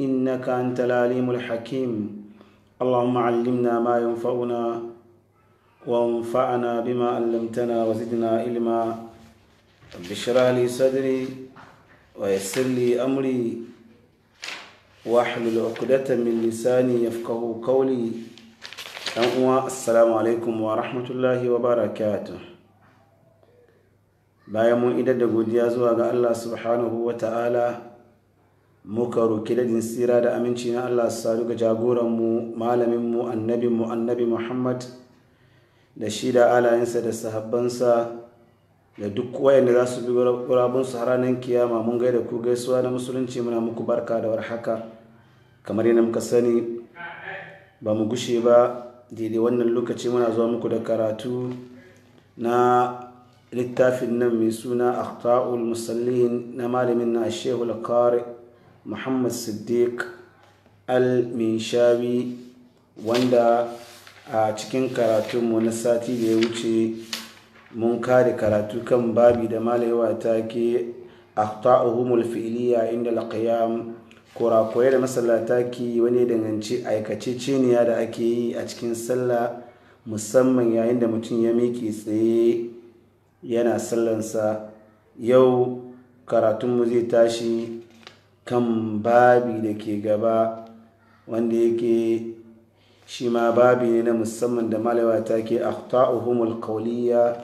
إنك أنت العليم الحكيم اللهم علمنا ما ينفعنا وانفعنا بما علمتنا وزدنا علما رب اشرح لي صدري ويسر لي أمري واحلل عقدة من لساني يفقه قولي uwa assalamu alaikum wa rahmatullahi wa barakatuh bayan mun idar da godiya zuwa ga Allah subhanahu wa ta'ala muka roƙi dadin tsira da aminci na Allah su sadu ga jagoranmu malaminmu mu annabi Muhammad da shi da alayensa da sahabbansa da duk wayanda za su bi gurabunsu har ranar kiyama mun gaida ku gaisuwa na musulunci muna muku barka da warhaka kamar yana muka sani ba mu gushe ba daidai wannan lokaci muna zuwa muku da karatu na littafin nan mai suna akhta'ul musallin na malamin na shehul qari muhammad siddiq al-minshawi wanda a cikin karatunmu na sati da ya wuce mun kare karatu kan babi da malayewa ta ke akhta'uhumul fi'liya inda al-qiyam kurakurai da masallata ke wani dangance aikace ceniya da ake yi a cikin sallah musamman yayin da mutum ya miƙe tsaye yana sallansa yau karatunmu zai tashi kan babi da ke gaba wanda yake shi ma babi ne na musamman da ta ke akhta'uhumul qawliya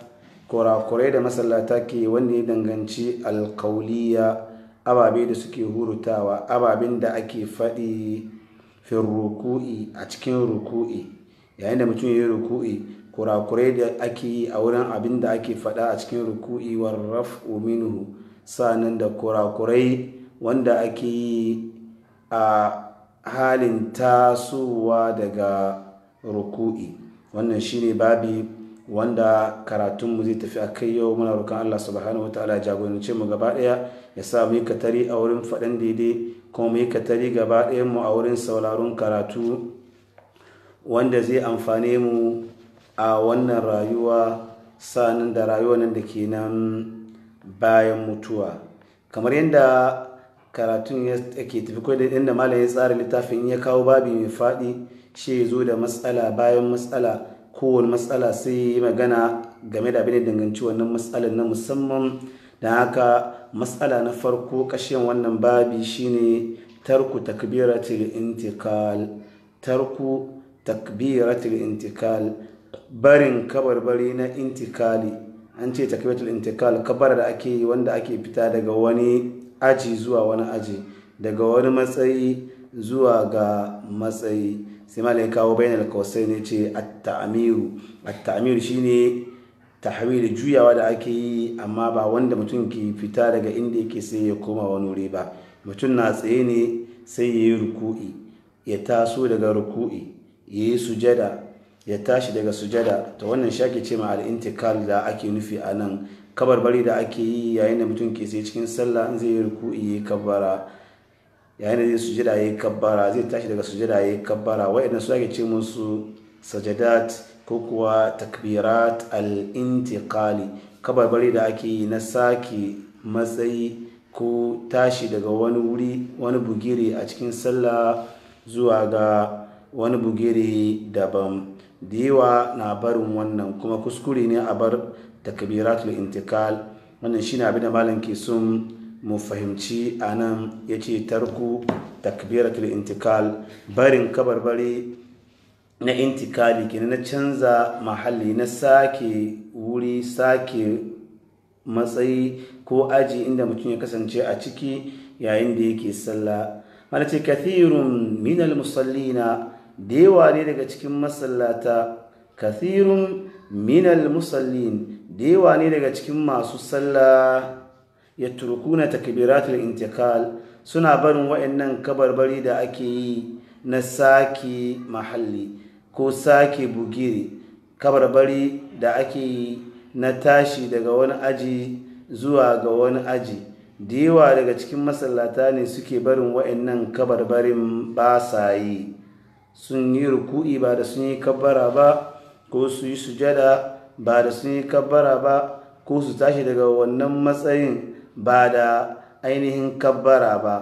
kurakurai da masallata ke wanda ya danganci alkauliya ababe da suke hurutawa ababen da ake faɗi fin ruku'i a cikin ruku'i yayin da mutum ya yi ruku'i kurakurai da ake yi a wurin abin da ake faɗa a cikin ruku'i war raf'u minhu sanan da kurakurai wanda ake yi a halin tasowa daga ruku'i wannan shine babi wanda karatunmu zai tafi a kai yau muna roƙon Allah subhanahu wa ya jagorance mu gaba ɗaya ya sa mu yi katari a wurin faɗin daidai kuma mu yi katari gaba ɗayan mu a wurin sauraron karatu wanda zai amfane mu a wannan rayuwa sanin da rayuwa nan da ke nan bayan mutuwa kamar yadda karatun yake tafi ko da inda malam ya tsara littafin ya kawo babi mai faɗi shi ya zo da matsala bayan matsala kowane matsala sai ya yi magana game da abin da danganci wannan matsalar na musamman da haka matsala na farko ƙashin wannan babi shine tarku takbiratul intikal tarku takbiratul intikal barin kabarbari na intikali an ce takbiratul intikal kabar da ake yi wanda ake fita daga wani aji zuwa wani aji daga wani matsayi zuwa ga matsayi sai malai kawo bayan alkawasai ne ce a taamiru a taamiru shine tahwil juyawa da ake yi amma ba wanda mutum ke fita daga inda yake sai ya koma wani wuri ba mutum na tsaye ne sai ya yi ruku'i ya taso daga ruku'i ya yi sujada ya tashi daga sujada ta wannan shaki ce ma al'intikal da ake nufi a nan kabarbari da ake yi yayin da mutum ke sai cikin sallah in zai yi ruku'i ya kabbara yayin da zai sujada ya kabbara zai tashi daga sujada ya kabbara idan su ake ce musu sajadat ko kuwa takbirat al-intiqali kabarbari da ake yi na sake matsayi ko tashi daga wani wuri wani bugiri a cikin sallah zuwa ga wani bugiri daban da yawa na barin wannan kuma kuskure ne a bar takbiratul intikal wannan shine abin da malam ke sun mu fahimci a nan ya ce tarku takbiratul intikal barin kabarbari na intikali ke na canza mahalli na sake wuri sake matsayi ko aji inda mutum ya kasance a ciki yayin da yake sallah mana ce kathirun minal musallina da yawa ne daga cikin masallata kathirun minal musallin da yawa ne daga cikin masu sallah ya turku na takbiratul intikal suna barin wa'annan kabarbari da ake yi na sake mahalli ko sake bugiri kabarbari da ake yi na tashi daga wani aji zuwa ga wani aji da yawa daga cikin masallata ne suke barin wa'annan kabarbarin ba sa yi sun yi ruku'i ba da sun yi kabbara ba ko su yi sujada ba da sun yi kabbara ba ko su tashi daga wannan matsayin ba da ainihin kabbara ba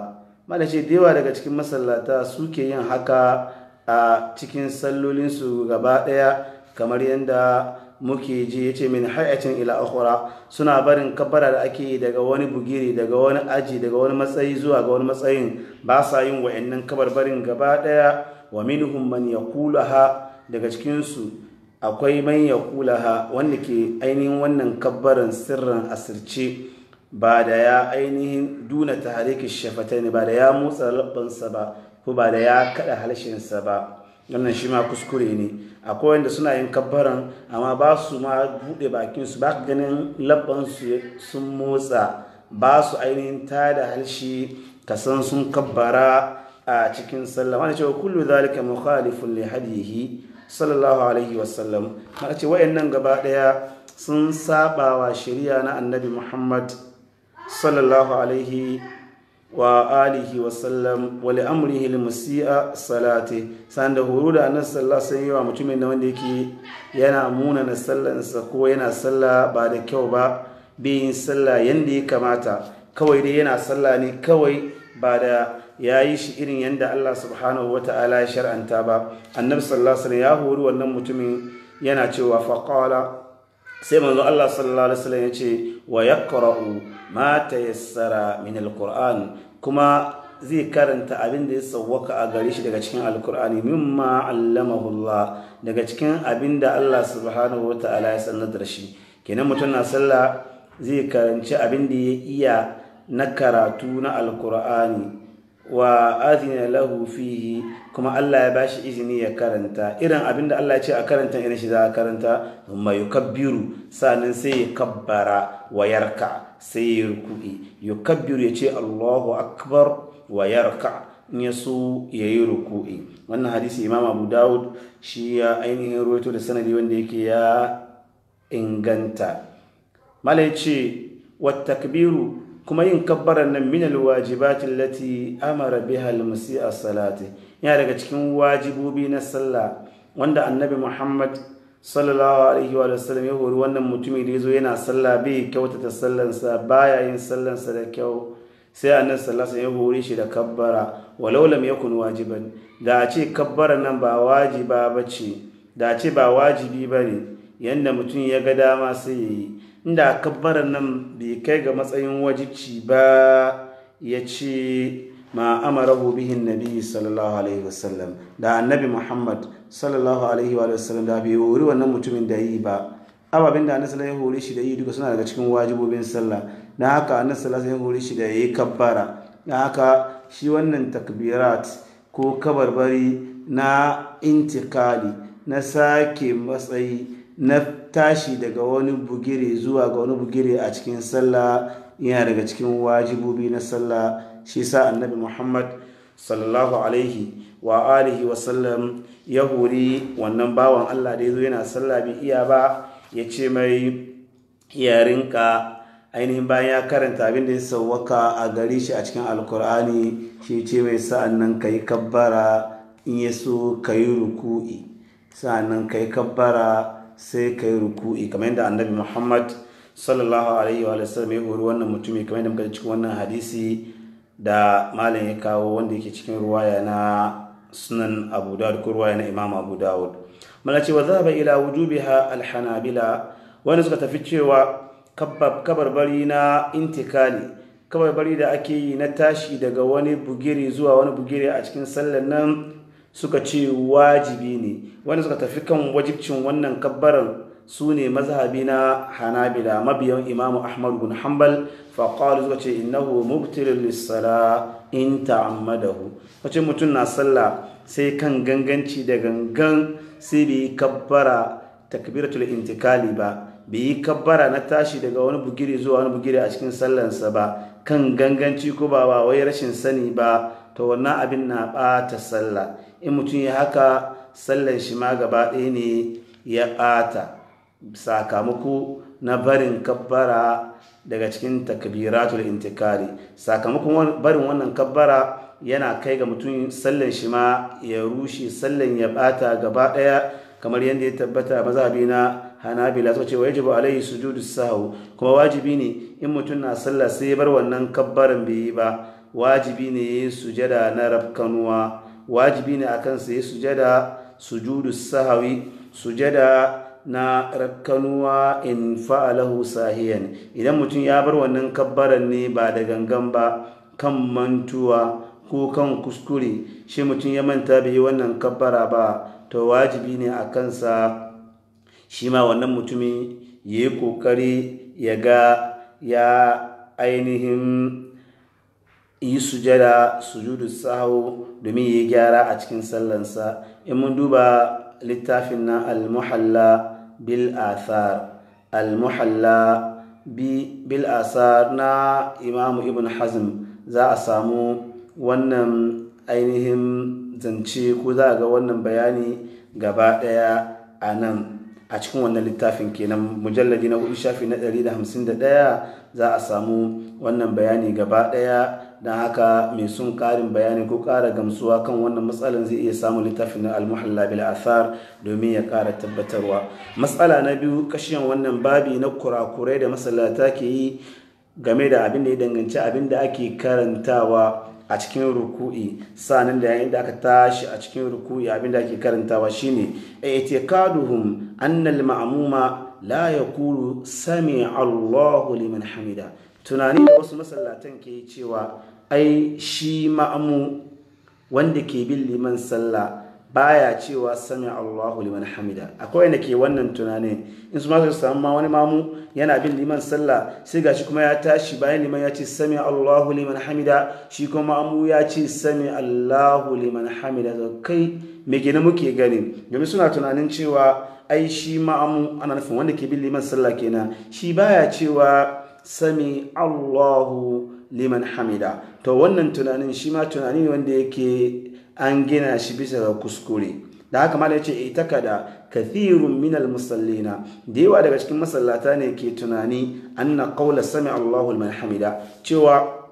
mana ce yawa daga cikin masallata suke yin haka a cikin sallolinsu gaba ɗaya kamar yadda muke ji ya ce min hayacin ila akwara suna barin kabbara da ake yi daga wani bugiri daga wani aji daga wani matsayi zuwa ga wani matsayin ba sa yin wa'annan kabarbarin gaba daya wa minhum man yaqulaha daga cikinsu akwai man ya kulaha wanda ke ainihin wannan kabbaran sirrin asirce ba da ya ainihin duna ta hariki shafatai ne ba da ya motsa labbansa ba ko ba da ya kada halshensa ba wannan shi ma kuskure ne akwai wanda suna yin kabbarin amma ba su ma buɗe bakinsu ba ganin labbansu sun motsa ba su ainihin ta da ka san sun kabbara a cikin sallama da cewa kullu zalika mukhalifun li hadihi sallallahu alaihi wasallam maka ce wayannan gaba daya sun saba wa shari'a na annabi Muhammad sallallahu alaihi wa alihi wasallam wa li amrihi li musi'a salati san da horo da annabi sallallahu alaihi wasallam mutumin da wanda yake yana muna na sallansa ko yana salla ba da kyau ba bai sallah yanda ya kamata kawai dai yana sallah ne kawai ba da ya yi shi irin yadda Allah subhanahu wa ta'ala ya shar'anta ba annabi sallallahu alaihi ya hori wannan mutumin yana cewa faqala sai manzo Allah sallallahu alaihi wasallam ya ce wa yaqra'u ma tayassara min alquran kuma zai karanta abin da ya sawwaka a gare shi daga cikin alqur'ani mimma allamahu Allah daga cikin abin da Allah subhanahu wa ta'ala ya sanar da shi kenan mutum na sallah zai karanci abin da ya iya na karatu na alqur'ani wa azina lahu fihi kuma Allah ya bashi izini ya karanta irin abinda Allah ya ce a karanta irin shi za a karanta mai yukabbiru sanin sai ya kabbara wa yarka sai ya ruku'i yukabbiru ya ce Allahu akbar wa yarka in ya so ya yi ruku'i wannan hadisi imam abu dawud shi ya ainihin ruwaito da sanadi wanda yake ya inganta malai yace ce wa takbiru kuma yin kabbaran nan minal wajibati allati amara biha al salati yana daga cikin wajibobi na sallah wanda annabi Muhammad sallallahu alaihi wa sallam ya hori wannan mutumin da ya zo yana sallah bai kyautata sallansa baya yin sallansa da kyau sai annabi sallallahu alaihi ya hori shi da kabbara walau lam yakun wajiban da a ce kabbaran nan ba wajiba bace da a ce ba wajibi bane yanda mutum ya ga dama sai yayi inda kabbaran nan bai kai ga matsayin wajibci ba ya ce ma amara bihin nabi sallallahu alaihi wasallam da annabi muhammad sallallahu alaihi wasallam da bai hori wannan mutumin da yi ba ababen da annabi ya hori shi da yi duka suna daga cikin wajibobin sallah na haka annabi ya hori shi da ya yi kabbara na haka shi wannan takbirat ko kabarbari na intikali na sake matsayi na tashi daga wani bugire zuwa ga wani bugire a cikin sallah yana daga cikin wajibobi na sallah shi sa annabi muhammad sallallahu alaihi wa alihi wa ya hori wannan bawan allah da ya zo yana sallah bai iya ba ya ce mai yarinka ainihin bayan ya karanta abin da ya sauwaka a gare shi a cikin alkur'ani shi ce mai sa'an nan ka yi kabbara in ya so ka yi ruku'i sa'an nan ka yi kabbara sai ka yi ruku'i kamar yadda annabi muhammad sallallahu alaihi wa sallam ya horo, wannan mutumi kamar yadda muka cikin wannan hadisi da malam ya kawo wanda yake cikin ruwaya na sunan abu dawud ko ruwaya na imam abu dawud mana cewa ba ila wujubiha alhanabila wanda suka tafi cewa kabarbari na intikali kabarbari da ake yi na tashi daga wani bugiri zuwa wani bugiri a cikin sallar nan suka ce wajibi ne wanda suka tafi kan wajibcin wannan kabbaran su ne mazhabi na hanabila mabiyan imamu ahmad bin hanbal faƙalu suka ce innahu mubtilin lissala in ta'ammadahu wace mutum na sallah sai kan ganganci da gangan sai bai kabbara takbiratul intikali ba bai yi kabbara na tashi daga wani bugiri zuwa wani bugiri a cikin sallansa ba kan ganganci ko ba wai rashin sani ba to wannan abin na ɓata sallah in mutum ya haka sallan shi ma gaba ɗaya ne ya ɓata sakamako na barin kabbara daga cikin takbiratul intikali sakamakon barin wannan kabbara yana kai ga mutum sallan shi ma ya rushe sallan ya ɓata gaba ɗaya kamar yadda ya tabbata mazabi na hanabila suka ce wa yajibu alaihi sujudu sahu kuma wajibi ne in mutum na sallah sai bar wannan kabbaran bai yi ba wajibi ne ya yi sujada na rafkanuwa wajibi ne a kansa ya sujada sujudu sahawi sujada na rakkanuwa in fa'alahu sahiyan idan mutum ya bar wannan kabbaran ne ba da gangan ba kan mantuwa ko kan kuskure shi mutum ya manta bai yi wannan kabbara ba to wajibi ne a kansa shi ma wannan mutumin ya yi kokari ya ga ya ainihin yi sujada sujudu sahu domin yi gyara a cikin sallansa in mun duba littafin na almuhalla bil athar almuhalla bil athar na imamu ibn hazm za a samu wannan ainihin zance ko za a ga wannan bayani gaba daya a nan a cikin wannan littafin kenan mujalladi na hudu shafi na 151 za a samu wannan bayani gaba daya don haka mai sun karin bayani ko kara gamsuwa kan wannan matsalan zai iya samun littafin na almuhalla bil athar domin ya kara tabbatarwa matsala na biyu kashiyan wannan babi na kurakurai da masallata ke yi game da abin da ya danganci abin da ake karantawa a cikin ruku'i sanin da yayin da aka tashi a cikin ruku'i abin da ake karantawa shine i'tiqaduhum anna annal mamuma la yaqulu sami Allahu liman hamida tunani da wasu masallatan ke cewa ai shi ma'amu wanda ke bin liman sallah baya cewa sami Allahu liman hamida akwai wanda ke wannan tunanin in su ma su samu ma wani mamu yana bin liman sallah sai gashi kuma ya tashi bayan liman ya ce sami Allahu liman hamida shi kuma mamu ya ce sami Allahu liman hamida da kai me gina muke gani domin suna tunanin cewa ai shi ma'amu ana nufin wanda ke bin liman sallah kenan shi baya cewa sami Allahu liman hamida to wannan tunanin shi ma tunani ne wanda yake an gina shi bisa ga kuskure da haka mala yace ita kada kathirun minal musallina da yawa daga cikin masallata ne ke tunani anna qawla sami Allahu liman hamida cewa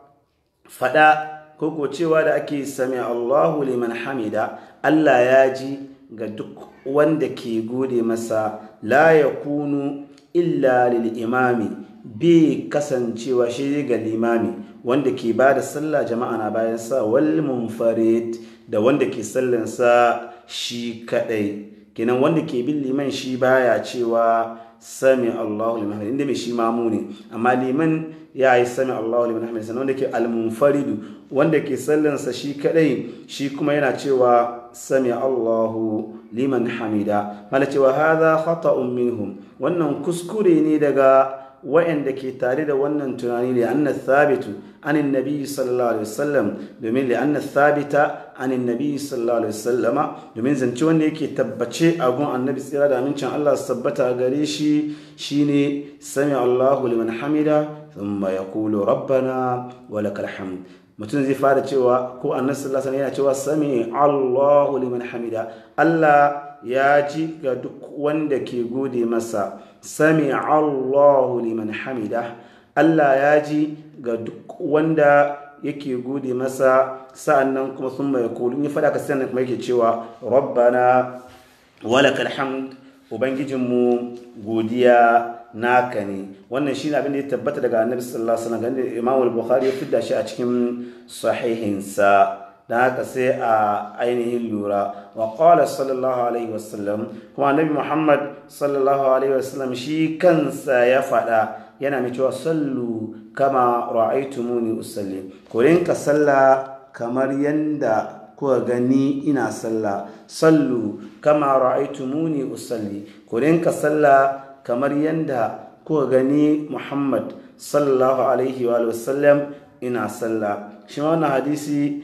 fada koko cewa da ake sami Allahu liman hamida Allah ya ji ga duk wanda ke gode masa la yakunu illa lil imami bi kasancewa shi ga limami wanda ke bada sallah jama'a na bayan sa wal munfarid da wanda ke sallansa shi kadai kenan wanda ke bin liman shi baya cewa sami Allahu liman inda mai shi mamu ne amma liman ya yi sami Allahu liman hamid sannan wanda ke almunfaridu wanda ke sallansa shi kadai shi kuma yana cewa sami Allahu liman hamida mala cewa hadha khata'un minhum wannan kuskure ne daga wa'anda ke tare da wannan tunani da anna thabitu anin nabi sallallahu alaihi wasallam domin li anna thabita anin nabi sallallahu alaihi wasallama domin zance wanda yake tabbace a gun annabi tsira da amincin Allah sabbata tabbata gare shi shine sami Allahu liman hamida thumma yaqulu rabbana wala lakal mutum zai fara cewa ko annabi sallallahu yana cewa sami Allahu liman hamida Allah ya ji ga duk wanda ke gode masa sami Allahu liman hamida Allah ya ji ga duk wanda yake gode masa sa'an nan kuma sun mai kulu ya faɗa ka sannan kuma yake cewa rabbana walakar hamd ubangijinmu godiya naka ne wannan shi abin abinda ya tabbata daga annabi sallallahu alaihi wasallam da imamu al-bukhari ya fidda shi a cikin sahihinsa da haka sai a ainihin lura wa qala sallallahu alaihi wasallam kuma annabi muhammad sallallahu alaihi wasallam shi kansa ya faɗa yana mai cewa sallu kama ra'aytumuni usalli ku rinka sallah kamar yanda kuka gani ina sallah sallu kama ra'aytumuni usalli ku rinka sallah kamar yanda kuka gani Muhammad sallallahu alaihi wa sallam ina sallah shi wannan hadisi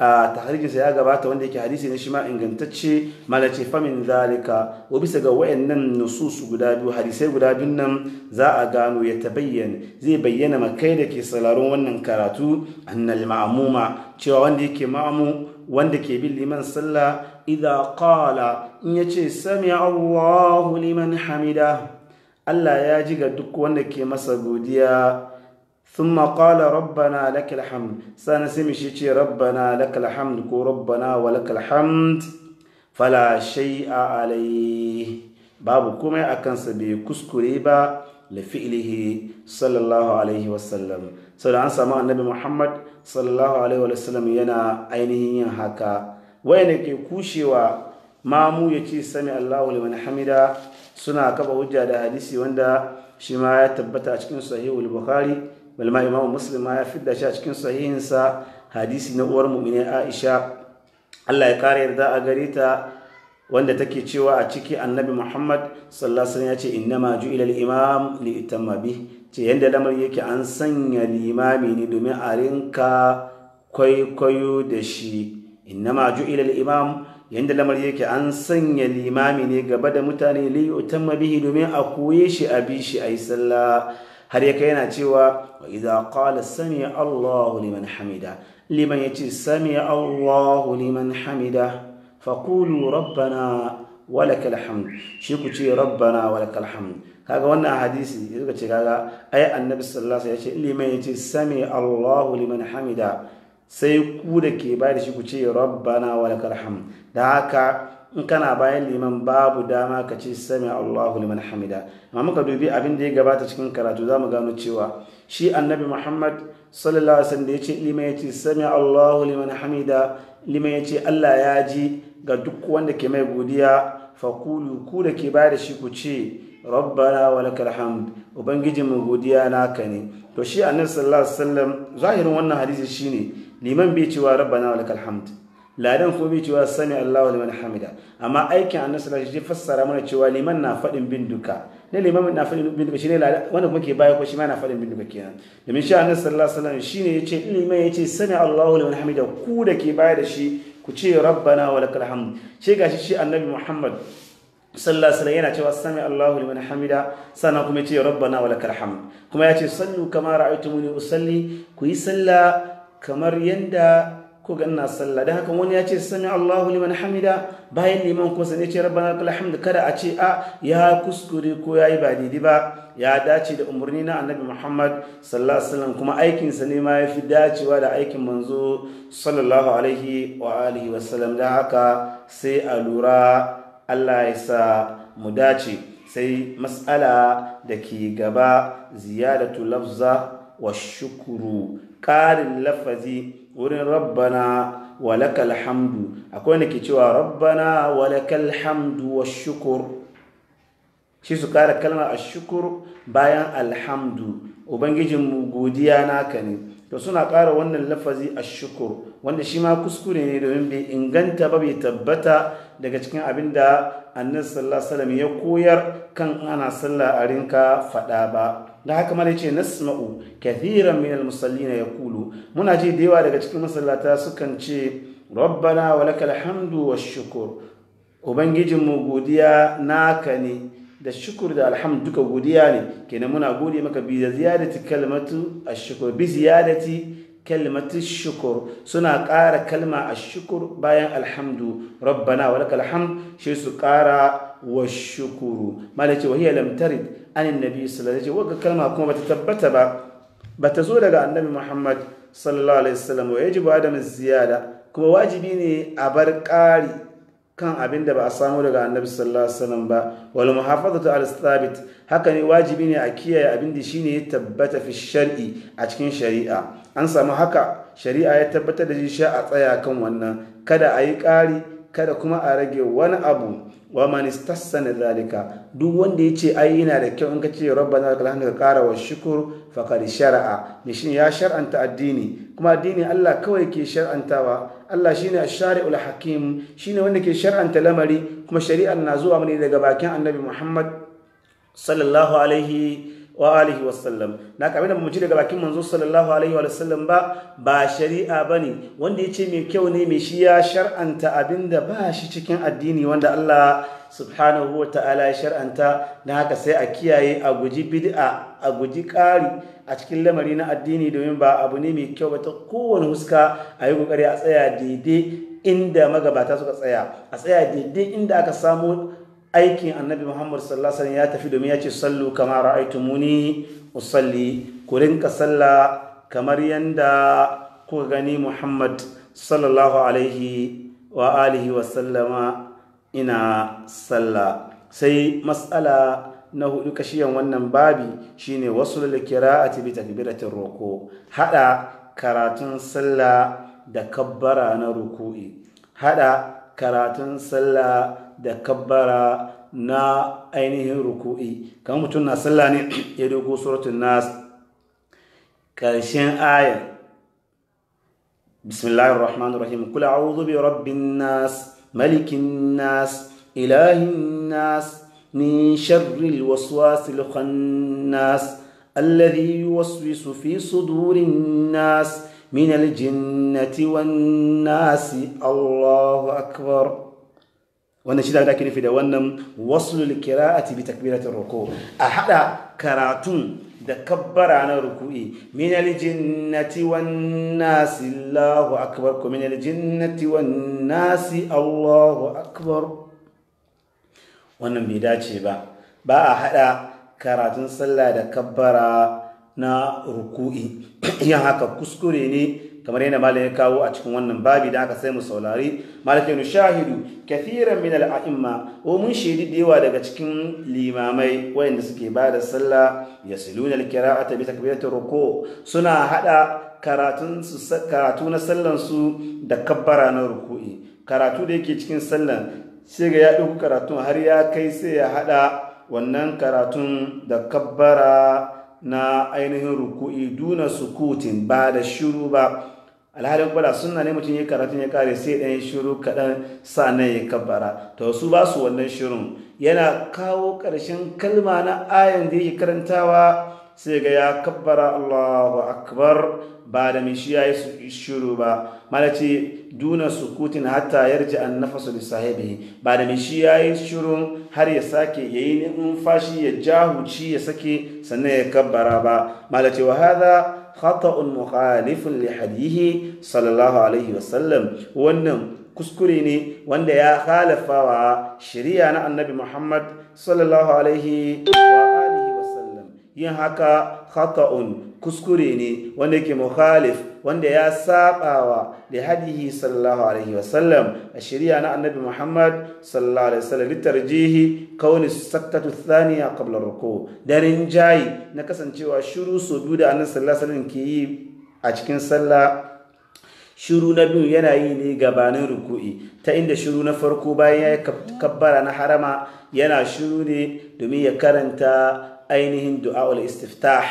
a tahrijinsa ya gabata wanda yake hadisi ne shi ma ingantacce malace famin zalika wa bisa ga wayannan nususu guda biyu hadisai guda biyun nan za a gano ya tabayyana zai bayyana makai da ke salaron wannan karatu annal ma'muma cewa wanda yake ma'mu wanda ke bin liman sallah idan qala in yace sami Allahu liman hamida Allah ya ji ga duk wanda ke masa godiya ثم قال ربنا لك الحمد سنسمي شيء ربنا لك الحمد كو ربنا ولك الحمد فلا شيء عليه babu komai a kansa bai kuskure ba da fi'ilihi sallallahu alaihi wasallam sau da an samu annabi muhammad sallallahu alaihi wasallam yana ainihi yin haka wayanda ke kushewa mamu ya ce sami allahu liman hamida suna kaba hujja da hadisi wanda shima ya tabbata a cikin sahihul bukhari balma imamu muslim ya fidda shi a cikin sahihinsa hadisi na uwar mu'minin aisha allah ya kare yarda a gare ta wanda take cewa a ciki annabi muhammad sallallahu alaihi ya ce innama ju'ila al-imam li itamma bi ce yanda lamar yake an sanya limami ne domin a rinka kwaikwayo da shi innama ju'ila al-imam yanda lamar yake an sanya limami ne gaba da mutane li itamma bihi domin a koye shi a bi shi ayi sallah har ya yana cewa wa idza qala sami Allahu liman hamida liman yace sami Allahu liman hamida faqulu rabbana walakal hamd shi ku ce rabbana walakal hamd kaga wannan hadisi suka ce kaga ai annabi sallallahu alaihi wasallam ya ce liman yace sami Allahu liman hamida sai ku da ke bayar shi ku ce rabbana walakal hamd da haka in kana bayan liman babu dama ka ce sami Allahu liman hamida amma muka dubi abin da ya gabata cikin karatu zamu gano cewa shi annabi Muhammad sallallahu alaihi wasallam ya yace liman yace sami Allahu liman hamida liman yace Allah ya ji ga duk wanda ke mai godiya fakulu ku da ke bayar da shi ku ce rabbana wa lakal hamd ubangiji mu godiya naka ne to shi annabi sallallahu alaihi wasallam zahirin wannan hadisi shine liman bai cewa rabbana wa lakal hamd ladan ko bai cewa sami wa liman hamida amma aikin annabi sallallahu alaihi wasallam fassara mana cewa liman na fadin bin duka ne liman na fadin bin duka shine ladan wanda kuma ke baya ko shi ma na fadin bin duka kenan domin shi annabi sallallahu alaihi wasallam shine yace liman yace sani Allah wa liman hamida ku da ke baya da shi ku ce rabbana wa lakal hamd shi gashi shi annabi Muhammad sallallahu alaihi yana cewa sami Allahu liman hamida sannan kuma yace rabbana wa lakal hamd kuma yace sallu kama ra'aytumuni usalli ku yi sallah kamar yanda ko ga ina sallah dan haka wani ya ce sami Allahu liman hamida bayan neman ko sani ya ce rabban lakal kada a ce a ya kuskure ko ya yi ba didi ba ya dace da umarni na annabi Muhammad sallallahu alaihi wasallam kuma aikin sa ne ma ya fi dacewa da aikin manzo sallallahu alaihi wa alihi wasallam dan haka sai a lura Allah ya sa mu dace sai mas'ala da ke gaba ziyaratu lafza wa shukuru ƙarin lafazi wurin rabbana walakal hamdu akwai wanda ke cewa rabbana walakal hamdu wa shukur shi su kara kalmar shukur bayan alhamdu ubangijinmu godiya naka ne to suna ƙara wannan lafazi a shukur wanda shi ma kuskure ne domin bai inganta ba bai tabbata daga cikin abin da annabi ya koyar kan ana sallah a rinka faɗa ba da haka ya ce nasma'u kathiran min al ya kulu muna ji da yawa daga cikin masallata sukan ce rabbana wa lakal hamdu shukur ubangijinmu godiya naka ne da shukur da alhamdu duka godiya ne Ke muna gode maka bi ziyarati kalmatu shukuri bi ziyarati kalmatu shukur suna ƙara kalma a shukur bayan alhamdu rabbana wa lakal shi su ƙara wa shukuru malace wa hiya lamtari tarid anin nabi sallallahu alaihi wasallam kalma kuma bata tabbata ba bata zo daga annabi muhammad sallallahu alaihi wasallam wa yajibu adam ziyada kuma wajibi ne a bar ƙari kan abin da ba a samu daga annabi sallallahu alaihi wasallam ba wal muhafazatu al thabit haka ne wajibi ne a kiyaye abin da shine ya tabbata fi shar'i a cikin shari'a an samu haka shari'a ya tabbatar da shi a tsaya kan wannan kada a yi ƙari kada kuma a rage wani abu wa man istassana zalika duk wanda yace ai yana da kyau in ka ce rabbana lakal hamdu ka kara wa shukr faqad shar'a mishin ya shar'anta addini kuma addini Allah kawai ke shar'antawa Allah shine ash-shari'ul shi ne wanda ke shar'anta lamari kuma shari'ar na zuwa mana daga bakin Annabi Muhammad sallallahu alaihi wa alihi sallam. na kabe da mu daga bakin manzo sallallahu alaihi wa sallam ba ba shari'a bane wanda ya ce mai kyau ne mai shi ya shar'anta abinda ba shi cikin addini wanda Allah subhanahu wa ta'ala ya shar'anta na haka sai a kiyaye a guji bid'a a guji ƙari a cikin lamari na addini domin ba abu ne mai kyau ba ta kowane huska a yi kokari a tsaya daidai inda magabata suka tsaya a tsaya daidai inda aka samu aikin annabi muhammadu sallallahu alaihi ya tafi domin ya ce sallu kama ra'aitumuni usalli ku rinka salla kamar yanda kuka gani muhammad sallallahu alaihi wa alihi wa sallama ina salla sai mas'ala. na hudu kashiyan wannan babi shine wasu likira'ati bi takbiratir roko hada karatun sallah da kabbara na ruku'i hada karatun sallah da kabbara na ainihin ruku'i kan mutum na sallah ne ya dogo suratun nas karshen aya bismillahir rahmanir rahim Kula a'udhu bi rabbin nas malikin nas ilahin nas من شر الوسواس الخناس الذي يوسوس في صدور الناس من الجنة والناس الله أكبر ونشد لكن في دوانم وصل الكراءة بتكبيرة الركوع أحد كراتون دكبر عن ركوعي من الجنة والناس الله أكبر من الجنة والناس الله أكبر. wannan bai dace ba ba a haɗa karatun sallah da kabbara na ruku'i yin haka kuskure ne kamar yana malin ya kawo a cikin wannan babi da aka sai mu saurari malakai nu shahidu kafiran min al'a'imma o mun shaidi da yawa daga cikin limamai wayanda suke ba da sallah ya siluna bi takbirati ruku suna hada karatun su karatu na sallan da kabbara na ruku'i karatu da yake cikin sallan shiga ya ɗauki karatun har ya kai sai ya haɗa wannan karatun da kabbara na ainihin ruku'i duna sukutin ba da shiru ba alhalin kwada suna ne mutum ya karatun ya kare sai ɗan shiru kaɗan sa nan ya kabbara to su ba su wannan shirun yana kawo ƙarshen kalma na ayan da yake karantawa sai ga ya kabbara Allahu akbar ba da mai shi ya yi shuru ba malaci duna kutin hatta yarji an nafasu li sahibi ba da mai shi ya yi shiru har ya sake ya yi numfashi ya jahuci ya sake sannan ya kabbara ba malaci wa hadha khata'un mukhalifun li hadihi sallallahu alaihi wasallam wannan kuskure ne wanda ya wa shari'a na annabi Muhammad sallallahu alaihi wa yin haka khata'un kuskure ne wanda ke mukhalif wanda ya sabawa da hadihi sallallahu alaihi wasallam a shirya na annabi Muhammad sallallahu alaihi wasallam litarjihi kauni saktatu thaniya qabla ruku darin rinjayi na kasancewa shiru so biyu da annabi sallallahu alaihi ke yi a cikin sallah shiru na biyu yana yi ne gabanin ruku'i ta inda shiru na farko bayan ya kabbara na harama yana shiru ne domin ya karanta ainihin du'a'ul istiftah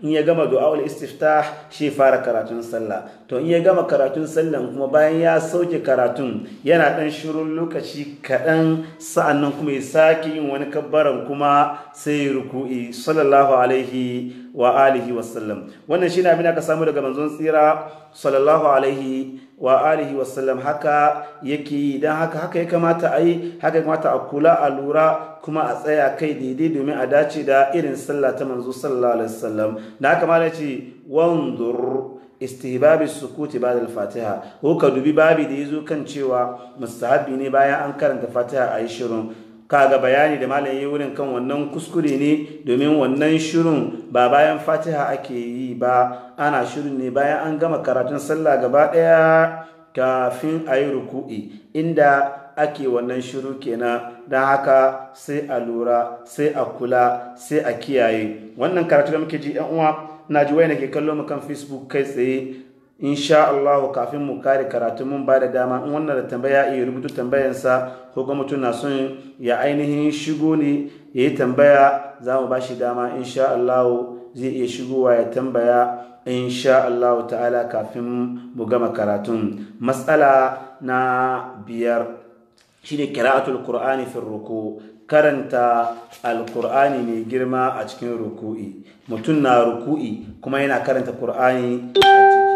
in ya gama du'a'ul istiftah shi fara karatun sallah to in ya gama karatun sallah kuma bayan ya sauke karatun yana dan shirun lokaci kaɗan sa'annan kuma ya sake yin wani kabbaran kuma sai ya ruku'i sallallahu alaihi wa alihi wasallam wannan shine abin da aka samu daga manzon tsira sallallahu alaihi wa alihi wasallam haka yake yi don haka haka ya kamata a yi haka ya kamata a kula a lura kuma a tsaya kai daidai domin a dace da irin sallah ta manzo sallallahu alaihi wasallam da haka ma ce wanzur istihbabi sukuti ba da fatiha ko ka dubi babi da ya zo kan cewa mustahabi ne bayan an karanta fatiha a yi shirin kaga bayani da malam yi wurin kan wannan kuskure ne domin wannan shirin ba bayan fatiha ake yi ba ana shirin ne bayan an gama karatun sallah gaba ɗaya kafin a yi ruku'i inda ake wannan shiru kenan don haka sai a lura sai a kula sai a kiyaye wannan karatu da muke ji yan uwa na ji na ke kallo mu kan facebook kai tsaye insha Allah kafin mu kare karatun mun ba da dama in wannan da tambaya ya rubuta tambayansa ko ga mutum na son ya ainihin shigo ne ya yi tambaya za mu ba shi dama insha Allah zai iya shigowa ya tambaya insha Allah ta'ala kafin mu gama karatun matsala na biyar shine kira'atul qur'ani fi ruku karanta alkur'ani mai girma a cikin ruku'i mutum na ruku'i kuma yana karanta qur'ani a cikin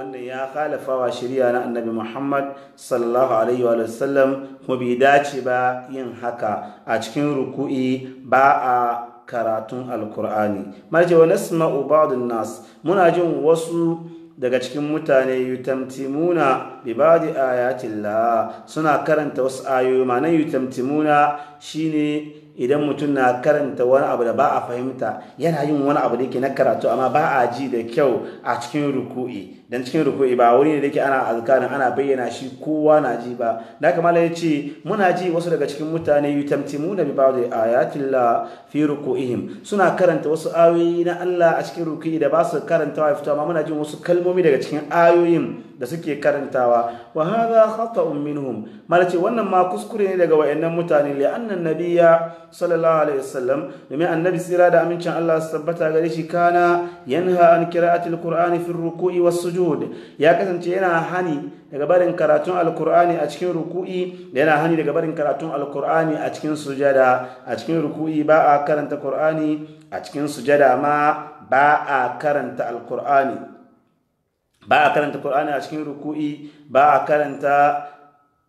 wannan ya khalafawa shirya na annabi muhammad sallallahu alaihi wa sallam kuma bai dace ba yin haka a cikin ruku'i ba a karatun alkur'ani marje wa nasma'u ba'dun nas muna jin wasu daga cikin mutane yutamtimuna bi ba'di ayatillah suna karanta wasu ayoyi ma'anar yutamtimuna shine idan mutum na karanta wani abu da ba a fahimta yana yin wani abu da yake na karatu amma ba a ji da kyau a cikin ruku'i dan cikin ruku'i ba wuri ne da yake ana azkarin ana bayyana shi kowa na ji ba da ya ce muna ji wasu daga cikin mutane yutamtimuna bi ba'd ayatillah fi ruku'ihim suna karanta wasu ayoyi na Allah a cikin ruku'i da ba su karanta wa fitowa muna jin wasu kalmomi daga cikin ayoyin da suke karantawa wa hadha khata'un minhum ce, wannan ma kuskure ne daga wayannan mutane li anna nabiyya sallallahu alaihi wasallam domin annabi tsira da amincin Allah su tabbata gare shi kana yanha an qira'atil qur'ani fi ruku'i was sujud ya kasance yana hani daga barin karatun alkur'ani a cikin ruku'i da yana hani daga barin karatun alkur'ani a cikin sujada a cikin ruku'i ba a karanta qur'ani a cikin sujada ma ba a karanta alkur'ani ba a karanta qur'ani a cikin ruku'i ba a karanta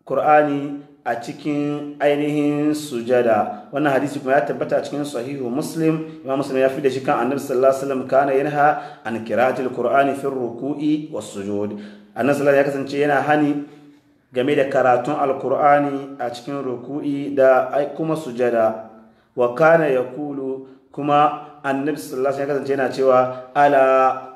qur'ani a cikin ainihin sujada wannan hadisi kuma ya tabbata a cikin sahihu muslim imam muslim ya fi da shi kan annabi sallallahu alaihi wasallam kana yanha an qira'atil qur'ani fi ruku'i was sujud annabi sallallahu ya kasance yana hani game da karatun alqur'ani a cikin ruku'i da kuma sujada wa kana yaqulu kuma annabi sallallahu alaihi wasallam yana cewa ala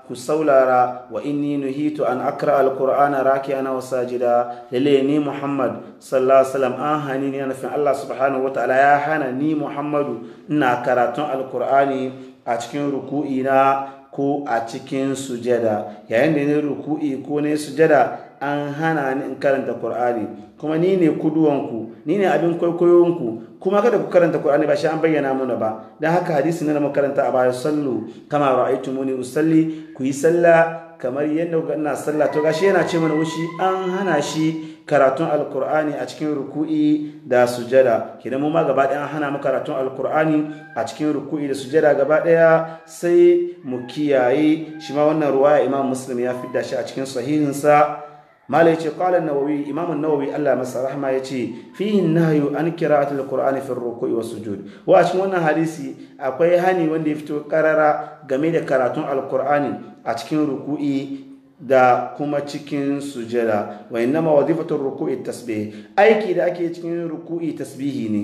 ku saulara wa inni nuhitu an akra alqur'ana raki'ana wa sajida lalle ni muhammad sallallahu alaihi wasallam an hani ni nafin allah subhanahu wa ta'ala ya hana ni muhammadu ina karatun alqur'ani a cikin ruku'i na ko a cikin sujada yayin da ne ruku'i ko ne sujada an hana ni in karanta Qur'ani kuma ni ne kuduwanku ni ne abin kwaikwayonku kuma kada ku karanta Qur'ani ba shi an bayyana muna ba dan haka hadisi na mu karanta a baya sallu kama ra'aytumuni usalli ku yi sallah kamar yadda kuka ina sallah to gashi yana ce mana wushi an hana shi karatun alkur'ani a cikin ruku'i da sujada kidan mu ma gaba ɗaya an hana mu karatun alkur'ani a cikin ruku'i da sujada gaba ɗaya sai mu kiyaye shi ma wannan ruwaya imam muslim ya fidda shi a cikin sahihinsa mala ya ce an-nawawi imamun nawawi Allah masa rahma ce fi nahayu an kira qira'atul qur'ani fi ruku'i su sujud wa cikin wannan hadisi akwai hani wanda ya fito karara game da karatun alkur'ani a cikin ruku'i da kuma cikin sujada wa nama wazifatun ruku'i tasbihi aiki da ake cikin ruku'i tasbihi ne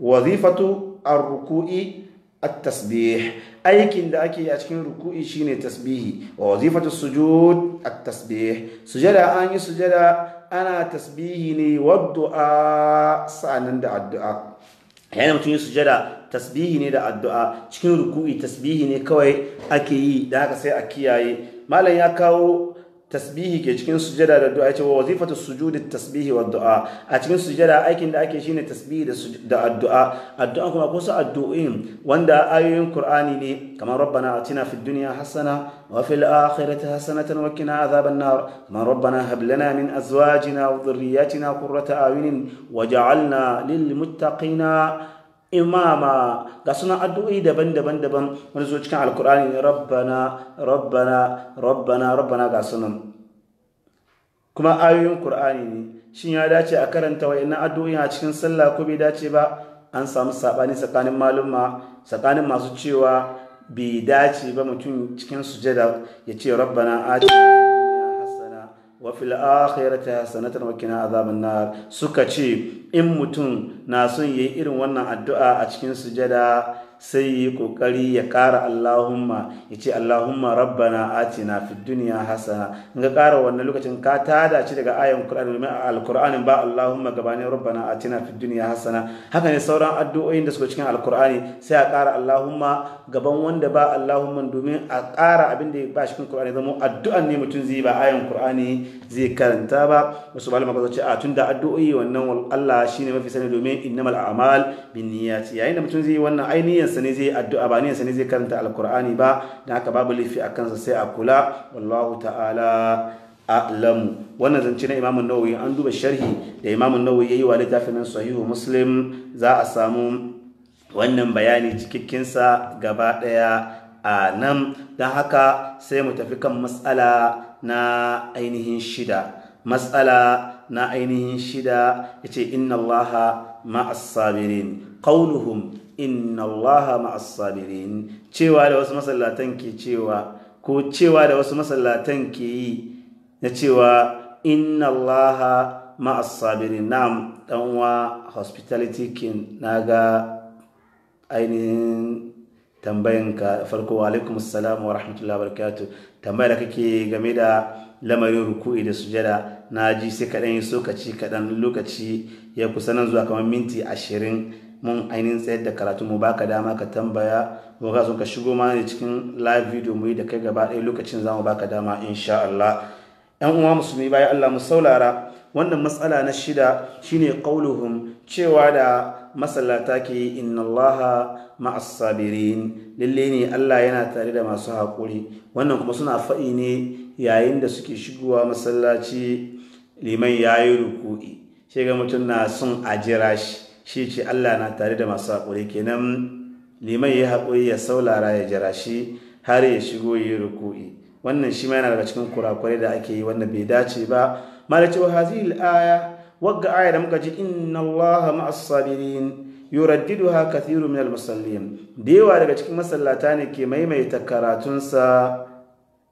wazifatu ar-ruku'i التسبيح aikin da ake a cikin ruku'i shine tasbihi wa wazifatu sujud at-tasbih sujada an yi sujada ana tasbihi ne wa du'a sa'annan da addu'a yayin mutum sujada tasbihi ne da addu'a cikin ruku'i tasbihi ne kawai ake yi da haka sai a kiyaye malam ya kawo تسبيه كيشكين سجدة الدعاء وظيفة السجود التسبيه والدعاء أتكين سجدة أي كن دعاء كيشين التسبيه الدعاء الدعاء الدعاء كما قوسا الدعين وان دعاء أيهم قرآني لي كما ربنا أعطنا في الدنيا حسنة وفي الآخرة حسنة وكنا عذاب النار كما ربنا هب لنا من أزواجنا وذرياتنا قرة آوين وجعلنا للمتقين imama ga suna addu'o'i daban-daban daban wani zo cikin alkur'ani ne rabbana rabbana rabbana rabbana ga sunan kuma ayoyin kur'ani ne shin ya dace a karanta wa ina addu'i a cikin sallah ko bai dace ba an samu saɓani tsakanin maluma tsakanin masu cewa bai dace ba mutum cikin sujada ya ce rabbana atina wa fil akhirati hasanatan wa qina azaban nar suka ce in mutum na son yayi irin wannan addu'a a cikin sujada sai yi kokari ya kara Allahumma ya ce Allahumma rabbana atina fi duniya hasana in ka kara wannan lokacin ka tada shi daga ayan Qur'ani mai alqur'anin ba Allahumma gabanin rabbana atina fi duniya hasana haka ne sauran addu'o'in da suka cikin alqur'ani sai a kara Allahumma gaban wanda ba Allahumma domin a kara abin da ba shi cikin Qur'ani zama addu'an ne mutum zai ba ayan Qur'ani zai karanta ba wasu malama ka ce a tunda addu'o'i wannan Allah shine mafi sani domin innamal a'mal binniyati yayin da mutum zai wannan ainihin niyyarsa ne zai addu'a ba niyyarsa ne zai karanta alkur'ani ba don haka babu laifi a kansa sai a kula wallahu ta'ala a'lamu wannan zance na imamun nawawi an duba sharhi da imamun nawawi yayi wa littafin nan sahihu muslim za a samu wannan bayani sa gaba daya a nan don haka sai mu tafi kan matsala na ainihin shida matsala na ainihin shida yace ce inna allaha as-sabirin ƙaunuhum inna allaha ma'as sabirin cewa da wasu masallatan ke cewa ko cewa da wasu masallatan ke yi na cewa inna allaha ma'as sabirin na'am danwa hospitality kin ga ainihin tambayin ka farko wa alaikum assalam wa rahmatullahi barakatu tambayar da kake game da lamarin ruku'i da sujada na ji sai kaɗan yi sokaci kaɗan lokaci ya kusa nan zuwa kamar minti ashirin mun ainihin tsayar da karatu mu baka dama ka tambaya mu ga ka shigo mana ne cikin live video mu yi da kai gaba ɗaya lokacin zamu baka dama insha Allah ƴan uwa musulmi baya, Allah mu saurara. wannan matsala na shida shine qauluhum cewa da masallata ke inna Allah ma'as sabirin lalle ne Allah yana tare da masu haƙuri wannan kuma suna faɗi ne yayin da suke shigowa masallaci liman yayi ruku'i sai ga mutum na son ajira shi shi ce Allah na tare da masu haƙuri kenan liman ya haƙuri ya saulara ya jira shi har ya shigo yi ruku'i wannan shi ma yana daga cikin kurakurai da ake yi wannan bai dace ba malaci wa hazil aya wagga aya da muka ji inna Allah ma'as sabirin yuraddiduha kathirun min al-musallin da yawa daga cikin masallata ne ke maimaita karatunsa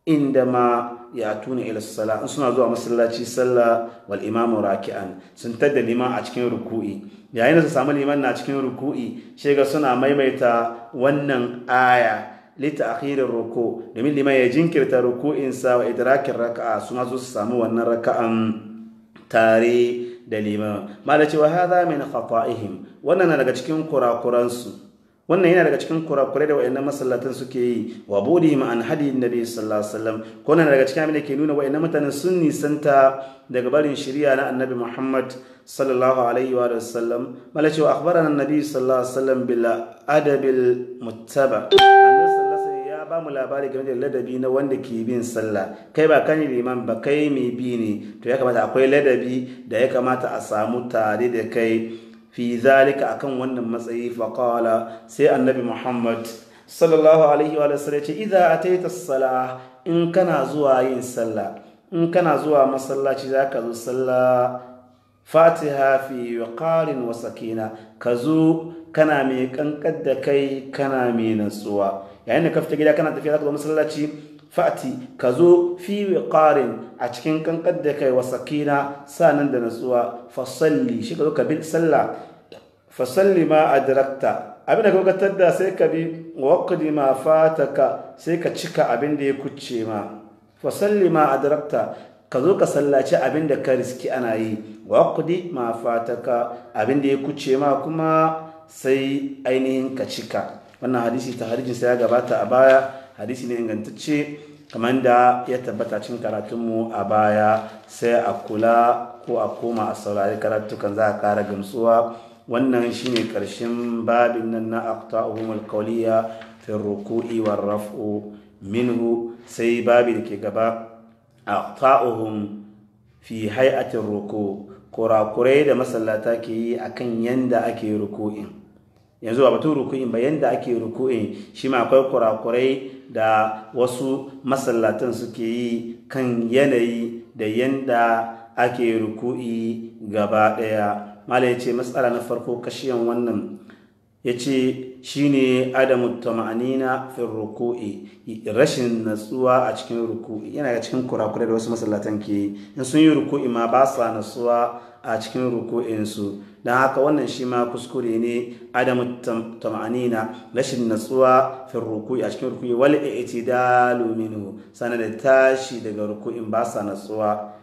inda ma ya tuni ila sala in suna zuwa masallaci sallah wal imamu raki'an sun tada liman a cikin ruku'i yayin da su samu liman na cikin ruku'i ga suna maimaita wannan aya lita akhirin ruku domin liman ya jinkirta ruku'insa wa idrakin raka'a su zo su samu wannan raka'an tare da liman ma da cewa hadha min khata'ihim wannan na daga cikin kurakuransu wannan yana daga cikin kurakurai da wayannan masallatan suke yi wa ma an hadi nabi sallallahu alaihi wasallam ko daga cikin abin da ke nuna wayannan mutanen sun nisanta daga barin shari'a na annabi Muhammad sallallahu alaihi wa sallam mala cewa akhbarana annabi sallallahu alaihi wasallam bil adabil muttaba ya ba mu labari game da ladabi na wanda ke bin sallah kai ba kan liman ba kai mai bi ne to ya kamata akwai ladabi da ya kamata a samu tare da kai fi zalika akan wannan matsayi faqala sai annabi muhammad sallallahu alaihi wa sallam ce idza ataita salah in kana zuwa yin sallah in kana zuwa masallaci zaka zo sallah fatiha fi wa sakina ka zo kana mai kankar da kai kana mai natsuwa yayin da ka fita gida kana tafiya zaka zo masallaci fati ka zo fi wiqarin a cikin kankar da kai wa sakina sanan da natsuwa fasalli shi ka zo ka bi sallah fasalli ma adrakta abin da ka gabatar da sai ka bi waqdi ma fataka sai ka cika abin da ya kucce ma fasalli ma adrakta ka zo ka sallaci abin da ka riski ana yi wa kudi ma fataka abin da ya kuce ma kuma sai ainihin ka cika wannan hadisi ta harjinsa ya gabata a baya hadisi ne ingantacce kamar da ya tabbata cin karatunmu a baya sai a kula ko a koma a saurari karatukan za a kara gamsuwa wannan shine karshen babin nan na aqta'uhum alqawliya fi ruku'i war raf'u minhu sai babi da ke gaba aqta'uhum fi hay'atin ruku kurakurai da masallata ke yi akan yanda ake ruku'in yanzu ba batun ruku'in ba yanda ake ruku'in shi ma akwai kurakurai da wasu masallatan suke yi kan yanayi da yanda ake ruku'i gaba daya mala ya ce matsala na farko kashiyan wannan ya ce shine adamu tama'anina fi ruku'i rashin natsuwa a cikin ruku'i yana ga cikin kurakurai da wasu masallatan ke in sun yi ruku'i ma ba sa natsuwa a cikin ruku'insu don haka wannan shi ma kuskure ne adamu tama'anina rashin natsuwa fin ruku'i a cikin ruku'i wal i'tidalu minhu sanar da tashi daga ruku'in ba sa natsuwa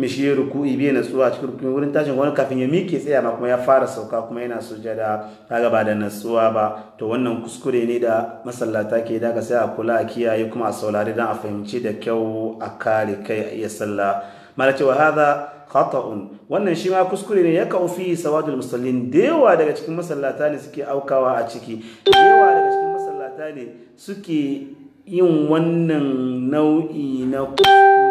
mishi ya ruku'i bai natsuwa a cikin rukun wurin tashin wani kafin ya mike tsaya ma kuma ya fara sauka kuma yana sujada kaga ba da natsuwa ba to wannan kuskure ne da masallata ke da sai a kula a kiyaye kuma a saurari dan a fahimci da kyau a kare kai a iya salla mana cewa hadha khata'un wannan shi ma kuskure ne ya ka fi sawadul musallin yawa daga cikin masallata ne suke aukawa a ciki yawa daga cikin masallata ne suke yin wannan nau'i na kuskure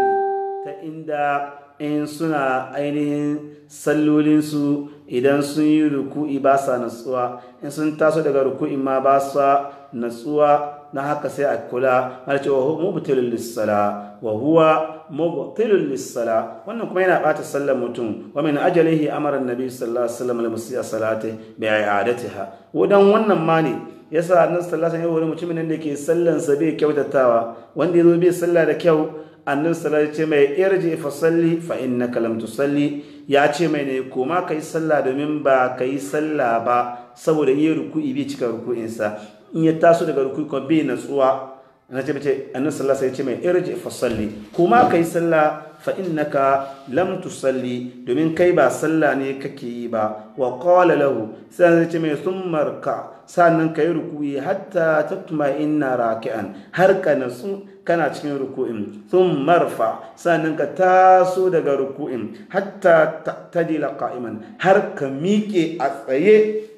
ta inda in suna ainihin sallolinsu idan sun yi ruku'i ba sa natsuwa in sun taso daga ruku'i ma ba sa natsuwa na haka sai a kula har ce wa mubtilul lissala wa huwa mubtilul lissala wannan kuma yana bata sallar mutum wa min ajalihi amara annabi sallallahu alaihi wasallam al musiya salati bi i'adatiha wadan wannan ma ne yasa annabi sallallahu alaihi wasallam ya mutumin da ke sallan sa bai kyautatawa wanda yazo bai sallah da kyau annin sallallahu ce mai irji fa salli fa innaka lam tusalli ya ce mai ne koma kai sallah domin ba kai sallah ba saboda yin ruku'i bai cika ruku'insa in ya taso daga ruku'i kuma bai natsuwa na ce bace annin salla sai ce mai irji fa salli koma kai sallah fa innaka lam tusalli domin kai ba sallah ne kake yi ba wa qala lahu sai ce mai summarka sannan kai ruku'i hatta tatma inna raki'an har ka natsu kana cikin ruku'in sun marfa sannan ka taso daga ruku'in hatta tadila ka'iman har ka miƙe a tsaye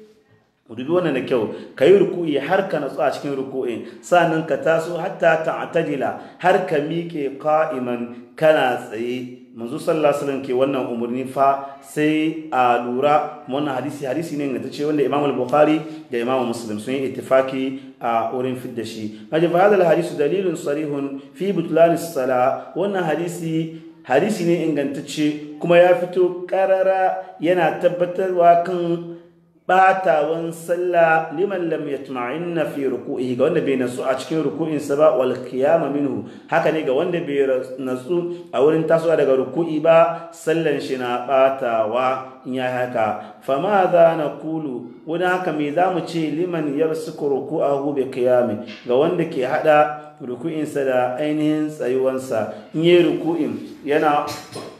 dubi wannan da kyau ka yi ruku'i har ka natsu a cikin ruku'in sannan ka taso hatta ta ta'tadila har ka miƙe kaiman kana tsaye manzu sallasalin ke wannan umarni fa sai a lura wannan hadisi hadisi ne ta ce wanda Imam al-Bukhari da Imam Muslim sun yi itifaki. a wurin fidda shi kaji fa hadisu dalilin sarihun fi butlan sala wannan hadisi hadisi ne ingantacce kuma ya fito karara yana tabbatarwa kan batawan sallah liman lam na fi ruku'i ga wanda bai nasu a cikin ruku'in ba wal kiyama minhu haka ne ga wanda bai nasu a wurin tasowa daga ruku'i ba sallan shi na batawa in ya haka fama za na kulu wani haka me za mu ce liman ruku ruku'ahu bi qiyami ga wanda ke hada ruku'insa da ainihin tsayuwansa in yi ruku'in yana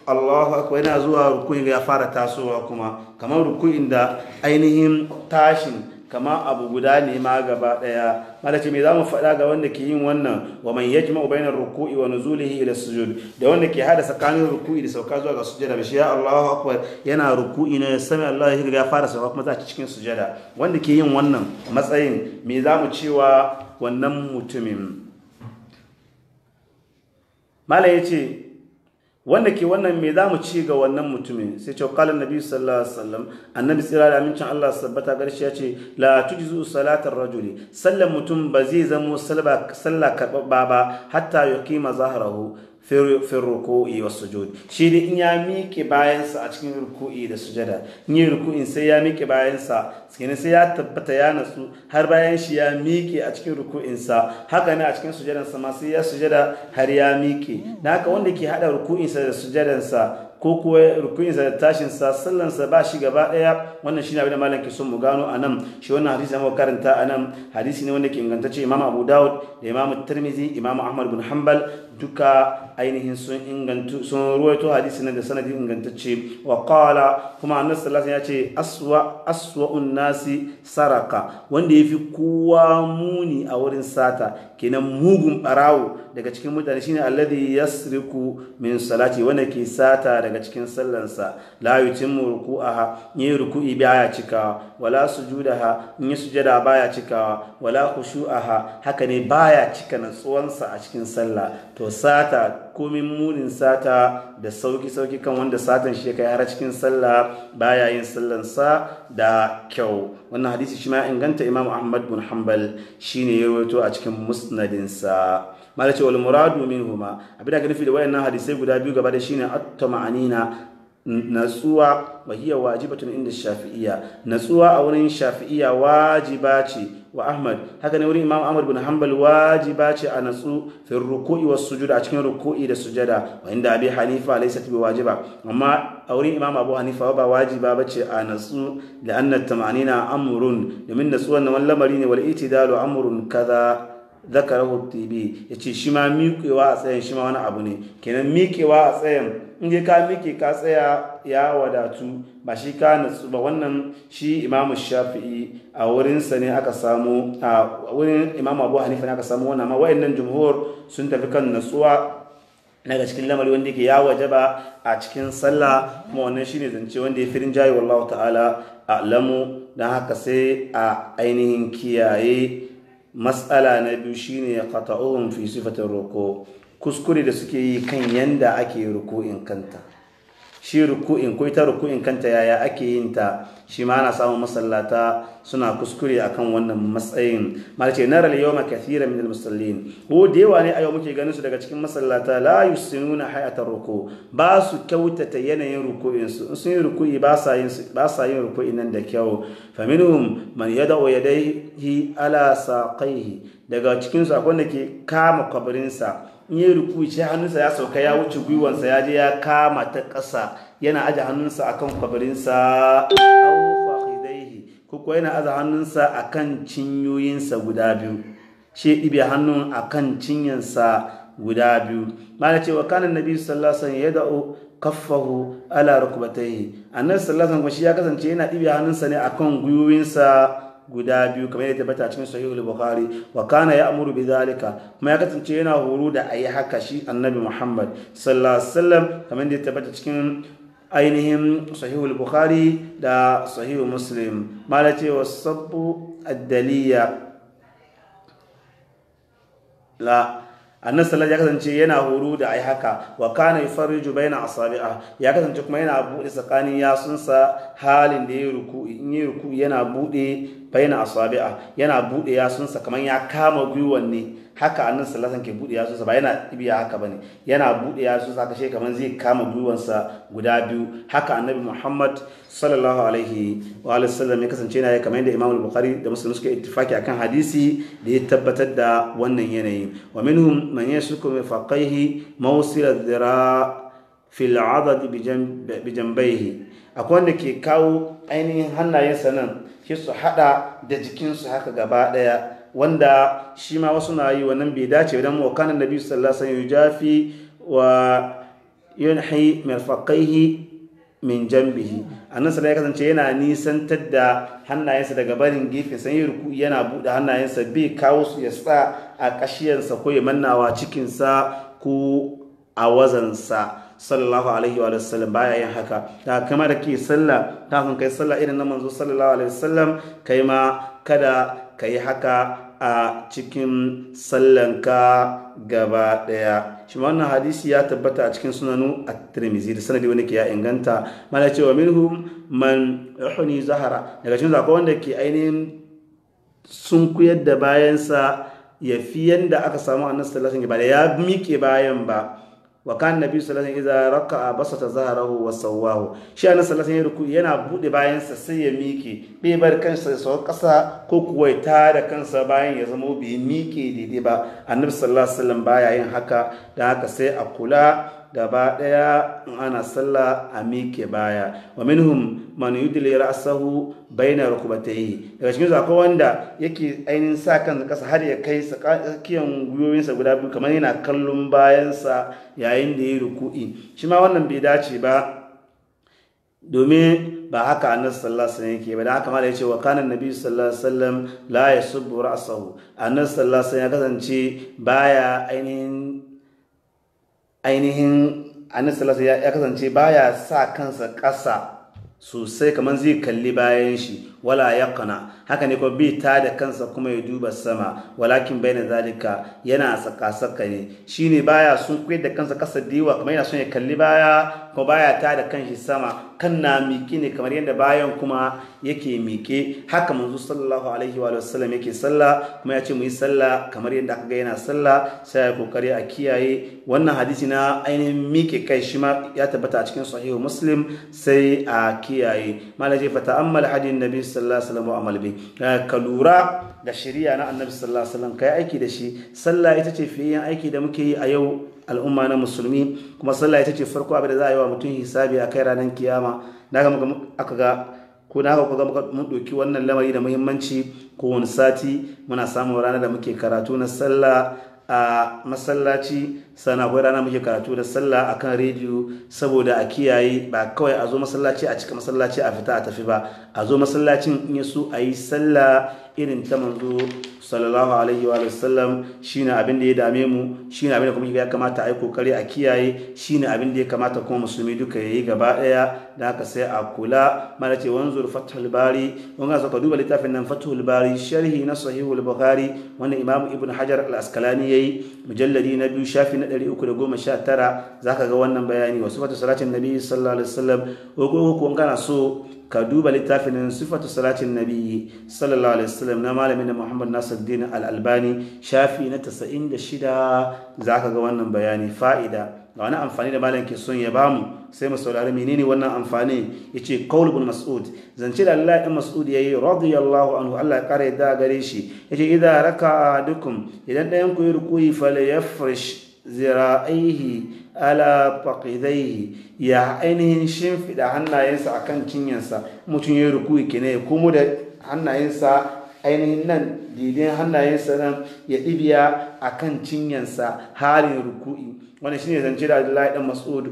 Allahu akbar yana zuwa ruku'in ya fara tasowa kuma kamar ruku'in da ainihin tashin kama abu guda ne ma gaba daya malaci me zamu faɗa ga wanda ke yin wannan wa man yajma'u bainar ruku'i wa nuzulihi ila sujud da wanda ke hada tsakanin ruku'i da sauka zuwa ga sujada bi ya Allahu akbar yana ruku'i na sami Allah ya fara sauka kuma za cikin sujada wanda ke yin wannan matsayin me zamu cewa wannan mutumin mala yace wanda ke wannan me za mu ci ga wannan mutumin sai ce kala nabi sallallahu alaihi wasallam annabi tsira da amincin Allah sabbata garshi ya ce la tujzu salatar rajuli sallan mutum ba zai zamo sallah karbabba ba hatta yuqima zahrahu fin ruku'i wa sujud shi ne in ya miƙe bayansa a cikin ruku'i da sujada in yi ruku'in sai ya miƙe bayansa sai ya tabbata ya nasu. har bayan shi ya miƙe a cikin ruku'insa haka ne a cikin sujadansa ma sai ya sujada har ya miƙe na haka wanda ke haɗa ruku'insa da sujadansa ko kuwa sa da tashinsa sallansa ba shi gaba ɗaya wannan shi ne abin da malam ke son mu gano a nan shi wannan hadisi da karanta a nan hadisi ne wanda ke ingantacce imam abu dawud da imam tirmizi imam ahmad bin hanbal duka ainihin sun ingantu sun ruwaito hadisi na da sanadin ingantacce wa qala kuma annas sallallahu ya ce aswa aswa'un nasi saraka wanda yafi kowa muni a wurin sata kenan mugun barawo daga cikin mutane shine alladhi yasriku min salati wanda ke sata daga cikin sallansa la yutimmu ruku'aha ne ruku'i baya cikawa wala sujudaha in yi sujada baya cikawa wala khushu'aha haka ne baya cika natsuwansa a cikin sallah to sata komin munin sata da sauki-sauki kan wanda satan shi kai har cikin sallah baya yin sallansa da kyau wannan hadisi shi ma inganta imam ahmad bin hanbal shine ya rawaito a cikin musnadinsa malace wal muradu minhuma abin da ga nufi da wayannan hadisai guda biyu gaba da shine at-tama'anina natsuwa wa hiya wajibatun inda shafi'iyya natsuwa a wurin shafi'iyya wajiba ce wa ahmad haka ne wurin imam ahmad bin hanbal wajiba ce a natsu fi ruku'i wa sujuda a cikin ruku'i da sujada wa inda abi hanifa laysat bi wajiba amma a wurin imam abu hanifa ba wajiba bace a natsu da anna tamanina amrun domin natsu wannan wani lamari ne wal itidalu amrun kaza zakarahu tibi yace shi ma miƙewa a tsayin shi ma wani abu ne kenan miƙewa a tsayin in ka miki ka tsaya ya wadatu ba shi ka natsu ba wannan shi imamu shafi'i a wurinsa ne aka samu a wurin imamu abu hanifa ne aka samu wannan amma wayannan jumhur sun tafi kan natsuwa daga cikin lamari wanda yake ya ba a cikin sallah kuma wannan shine zance wanda ya firin jayi wallahu ta'ala a'lamu dan haka sai a ainihin kiyaye matsala na biyu shine qata'uhum fi sifatin roko kuskure da suke yi kan yanda ake ruku'in kanta shi ruku'in ko ita ruku'in kanta yaya ake yin ta shi ma ana samun masallata suna kuskure akan wannan matsayin malace nar al ma kathira min musallin ko da yawa ne a yau muke ganin su daga cikin masallata la nuna hayatar ruku ba su kyautata yanayin ruku'in su in sun yi ruku'i ba sa yin ba ruku'in nan da kyau fa minhum man yad'u yadayhi ala saqaihi daga cikin su akwai wanda ke kama kwabirinsa in yi ruku shi hannunsa ya sauka ya wuce gwiwansa ya je ya kama ta ƙasa yana aje hannunsa akan kwabirinsa kuka yana aza hannunsa akan cinyoyinsa guda biyu shi ɗibe hannun akan cinyansa guda biyu mana wa kanan nabi sallallahu alaihi ya da'o kaffahu ala rukbatayhi annabi sallallahu alaihi shi ya kasance yana ɗibe hannunsa ne akan gwiwoyinsa guda biyu kamar yadda tabbata cikin sahihul bukhari wa kana ya'muru zalika kuma ya kasance yana horo da ayi haka shi annabi muhammad sallallahu alaihi wasallam kamar yadda tabbata cikin ainihin sahihul bukhari da sahihul muslim mala wa sabbu addaliya la annas sallallahu ya kasance yana horo da ai haka wa kana yufarriju baina asabi'a ya kasance kuma yana bude tsakanin yasunsa halin da yayi ruku'i in yayi ruku yana bude baina asabi'a yana bude yasunsa kaman ya kama gwiwan ne haka annan sallasan ke bude buɗe sa ba yana ibiya haka bane yana buɗe sa haka kashe kamar zai kama gwiwansa guda biyu haka annabi muhammad sallallahu alaihi wa sallam ya kasance yana kamar yadda imamul bukhari da muslim suka ittifaki akan hadisi da ya tabbatar da wannan yanayi wa minhum man yasluku min faqaihi mawsil dhira fil adad bi janbayhi akwai wanda ke kawo ainihin hannayensa nan shi su hada da jikinsu haka gaba daya wanda shi ma wasu na yi wannan bai dace idan wa kana nabi sallasa yau wasallam fi wa yunhi mirfaqaihi min jambihi a nan ya kasance yana nisantar da hannayensa daga barin gefe sai yi ruku yana bude hannayensa bai kawo su ya sa a kashiyansa ko ya mannawa cikinsa ko a wazansa sallallahu alaihi wa sallam baya yin haka da kama da ke sallah kafin kai sallah irin na manzo sallallahu alaihi wa sallam kai ma kada ka yi haka a cikin sallanka gaba ɗaya shi wannan hadisi ya tabbata a cikin sunanu a tirmizi da sanadi wani ke ya inganta mana cewa minhum man huni zahara daga cikin zakon wanda ke ainihin sun kuyar da bayansa ya fi yadda aka samu annabi sallallahu alaihi wasallam ya miƙe bayan ba wa kan nabi sallallahu alaihi wasallam idza raka'a basata zahrahu wa sawahu shi annabi sallallahu alaihi wasallam yana bude bayansa sai ya miki bai bar kansa ya sawa ƙasa ko kuwa ta da kansa bayan ya zama bai miki daidai ba annabi sallallahu alaihi wasallam baya yin haka dan haka sai a kula gaba ɗaya ana sallah a mike baya wa minhum man yudli ra'sahu baina rukbatayhi daga cikin zakon wanda yake ainin sa kan kasa har ya kai tsakiyan gwiwoyinsa guda biyu kamar yana kallon bayansa yayin da ya ruku'i shi ma wannan bai dace ba domin ba haka annabi sallallahu alaihi wasallam yake ba Dan haka ma da yace wa kana annabi sallallahu alaihi wasallam la yasubbu ra'sahu annabi sallallahu alaihi wasallam ya kasance baya ainihin ainihin annabi ya kasance baya sa kansa ƙasa sosai kamar zai kalli bayan shi wala ya kana haka ne kuma bi ta da kansa kuma ya duba sama walakin bai na zalika yana tsaka-tsaka ne shi ne baya sun kuyar da kansa kasa diwa kamar yana son ya kalli baya kuma baya ta da kanshi sama kan na miƙe ne kamar yadda bayan kuma yake miƙe haka manzo sallallahu alaihi wa sallam yake sallah kuma ya ce mu yi sallah kamar yadda aka ga yana sallah sai ya kokari a kiyaye wannan hadisi na ainihin miƙe kai shi ma ya tabbata a cikin sahihu muslim sai a kiyaye mala ce fata ammal hadin nabi sallallahu alaihi wasallam amal bi ka lura da shari'a na annabi sallallahu alaihi wasallam kai aiki da shi sallah ita ce fiye aiki da muke yi a yau al'umma na musulmi kuma sallah ita ce farko abin da za a yi wa mutum hisabi a kai ranar kiyama na ga aka ga ko na ga kuka mun ɗauki wannan lamari da muhimmanci kowane sati muna samun ranar da muke karatu na sallah a masallaci sana akwai rana muke karatu da sallah a kan rediyo saboda a kiyaye ba kawai a zo masallaci a cika masallaci a fita a tafi ba a zo masallacin in yaso a yi sallah irin ta manzo sallallahu alaihi wa sallam shine abin da ya dame mu shine abin da kuma ya kamata a yi kokari a kiyaye shine abin da ya kamata kuma musulmi duka yayi gaba daya da haka sai a kula mala ce wanzur fathul bari wanga ka duba littafin nan fathul bari sharhi na sahihul bukhari wanda imamu ibn hajar al askalani yayi mujalladi na biyu shafi na 319 zaka ga wannan bayani wasu fatu salatin nabi sallallahu alaihi wasallam ko ko kana so ka duba littafin sifatu salatin nabi sallallahu alaihi wasallam na malamin da Muhammad Nasiruddin Al-Albani shafi na 96 zaka ga wannan bayani fa'ida ga wani amfani da malam ke son ya bamu sai mu saurari menene wannan amfani yace qaul ibn mas'ud zance da Allah ibn mas'ud yayi radiyallahu anhu Allah ya kare da gare shi yace idza raka'a dukum idan dayan ku yi rukuyi yafrish zira'ihi ala faqidaihi ya ainihin shimfiɗa hannayensa kan cinyansa mutum ya rukuyi ke ya kuma da hannayensa ainihin nan didin hannayensa nan ya ɗibiya a kan cinyansa halin ruku'i wani shine zance da Allah ɗan mas'udu.